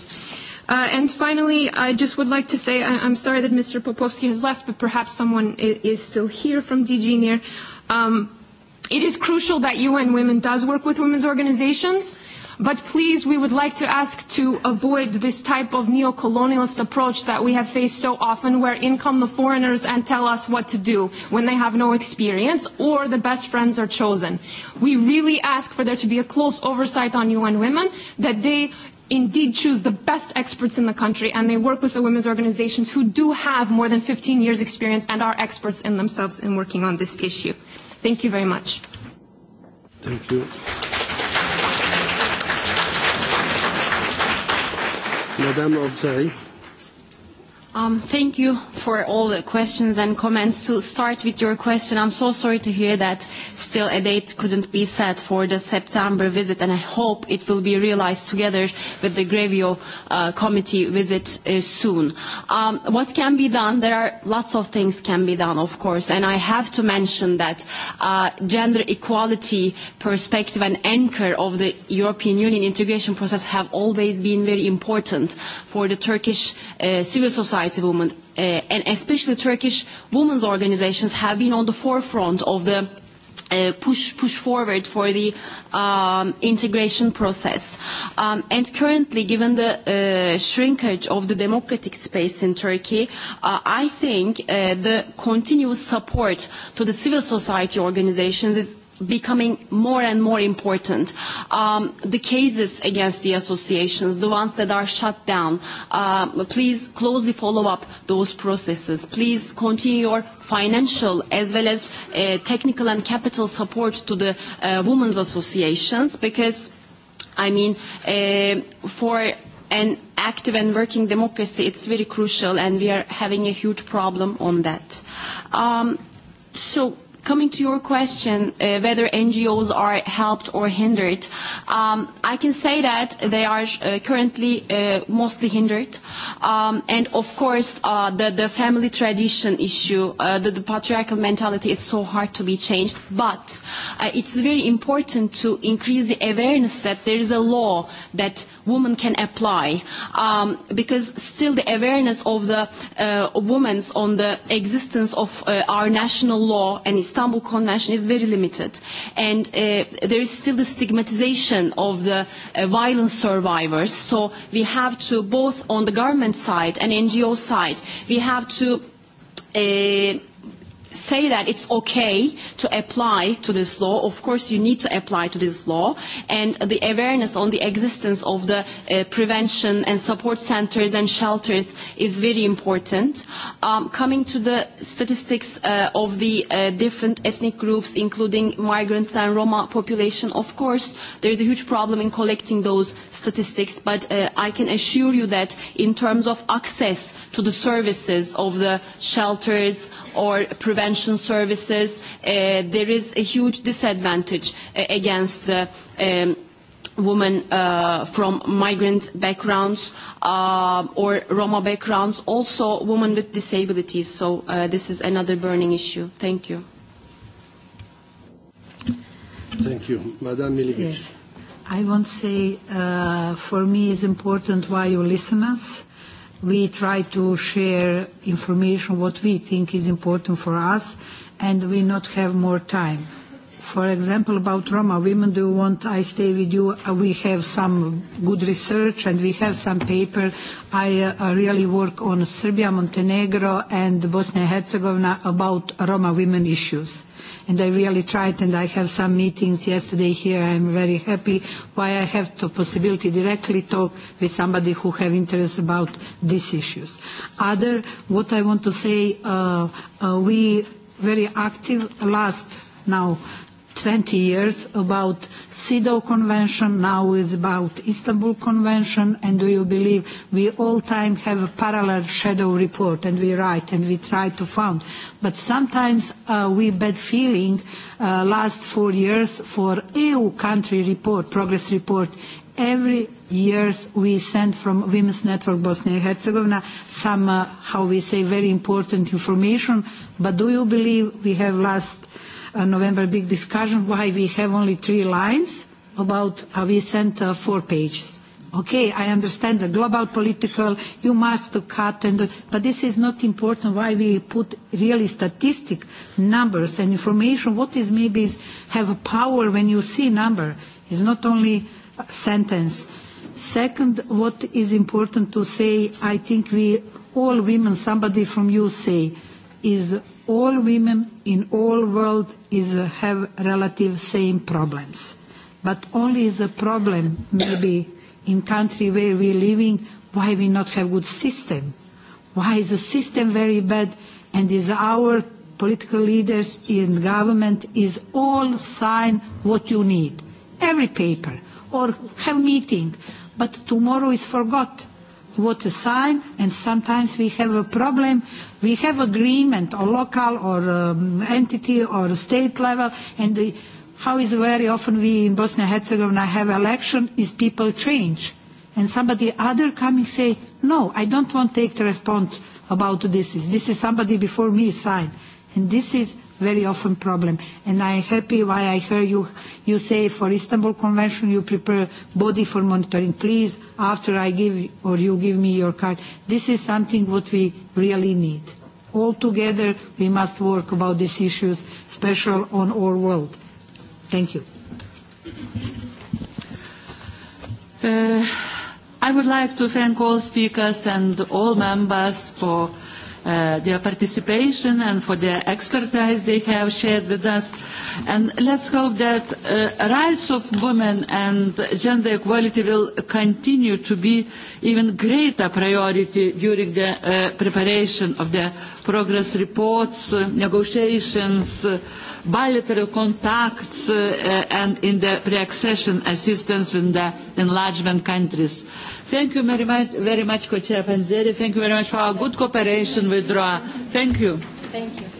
Uh, and finally, I just would like to say I- I'm sorry that Mr. Popovsky has left, but perhaps someone I- is still here from DG NIR. Um, it is crucial that UN Women does work with women's organizations, but please, we would like to ask to avoid this type of neo-colonialist approach that we have faced so often, where in come the foreigners and tell us what to do when they have no experience or the best friends are chosen. We really ask for there to be a close oversight on UN Women, that they indeed choose the best experts in the country and they work with the women's organizations who do have more than 15 years experience and are experts in themselves in working on this issue. Thank you very much. Thank you. Madame Obzai thank you for all the questions and comments. To start with your question, I'm so sorry to hear that still a date couldn't be set for the September visit, and I hope it will be realized together with the Grevio committee visit soon. what can be done? There are lots of things can be done, of course, and I have to mention that gender equality perspective and anchor of the European Union integration process have always been very important for the Turkish civil society society women, uh, and especially Turkish women's organizations have been on the forefront of the uh, push push forward for the um, integration process. Um, and currently, given the uh, shrinkage of the democratic space in Turkey, uh, I think uh, the continuous support to the civil society organizations is becoming more and more important. Um, the cases against the associations, the ones that are shut down, uh, please closely follow up those processes. Please continue your financial as well as uh, technical and capital support to the uh, women's associations because, I mean, uh, for an active and working democracy, it's very crucial and we are having a huge problem on that. Um, so Coming to your question, uh, whether NGOs are helped or hindered, um, I can say that they are uh, currently uh, mostly hindered. Um, and of course, uh, the, the family tradition issue, uh, the, the patriarchal mentality, it's so hard to be changed. But uh, it's very important to increase the awareness that there is a law that women can apply. Um, because still the awareness of the uh, women's on the existence of uh, our national law and its Istanbul Convention is very limited. And uh, there is still the stigmatization of the uh, violence survivors. So we have to, both on the government side and NGO side, we have to uh, say that it's okay to apply to this law. Of course, you need to apply to this law. And the awareness on the existence of the uh, prevention and support centers and shelters is very important. Um, coming to the statistics uh, of the uh, different ethnic groups, including migrants and Roma population, of course, there's a huge problem in collecting those statistics. But uh, I can assure you that in terms of access to the services of the shelters or prevention prevention services, uh, there is a huge disadvantage uh, against the um, women uh, from migrant backgrounds uh, or Roma backgrounds, also women with disabilities. So uh, this is another burning issue. Thank you. Thank you. Madame Milivic. Yes. I want to say uh, for me it's important why you listen us we try to share information what we think is important for us and we not have more time For example, about Roma women, do you want I stay with you? We have some good research and we have some paper. I uh, really work on Serbia, Montenegro and Bosnia and Herzegovina about Roma women issues and I really tried and I have some meetings yesterday here. I am very happy why I have the possibility directly talk with somebody who have interest about these issues. Other, what I want to say, uh, uh, we very active last now 20 years about CEDAW Convention, now is about Istanbul Convention, and do you believe we all time have a parallel shadow report and we write and we try to found. But sometimes uh, we bad feeling uh, last four years for EU country report, progress report, every years we send from Women's Network Bosnia and Herzegovina some, uh, how we say, very important information. But do you believe we have last November big discussion why we have only three lines about how we sent uh, four pages. Okay, I understand the global political, you must cut, and, but this is not important why we put really statistic numbers and information. What is maybe is have a power when you see number. It's not only a sentence. Second, what is important to say, I think we, all women, somebody from you say, is all women in all world is uh, have relative same problems. But only is a problem maybe in country where we're living, why we not have good system? Why is the system very bad and is our political leaders in government is all sign what you need. Every paper or have meeting, but tomorrow is forgot what to sign, and sometimes we have a problem. We have agreement or local or um, entity or state level, and the, how is very often we in Bosnia and Herzegovina have election is people change. And somebody other coming say, no, I don't want to take the response about this. This is somebody before me sign. And this is very often problem. And I am happy why I hear you, you say for Istanbul Convention you prepare body for monitoring. Please, after I give or you give me your card, this is something what we really need. All together we must work about these issues, special on our world. Thank you. Uh, I would like to thank all speakers and all members for their participation and for their expertise they have shared with us. And let's hope that uh, rights of women and gender equality will continue to be even greater priority during the uh, preparation of the progress reports, uh, negotiations, uh, bilateral contacts, uh, and in the pre-accession assistance with the enlargement countries. Thank you very much, very much, Co-Chair Panzeri. Thank you very much for our good cooperation with DROA. Thank you. Thank you.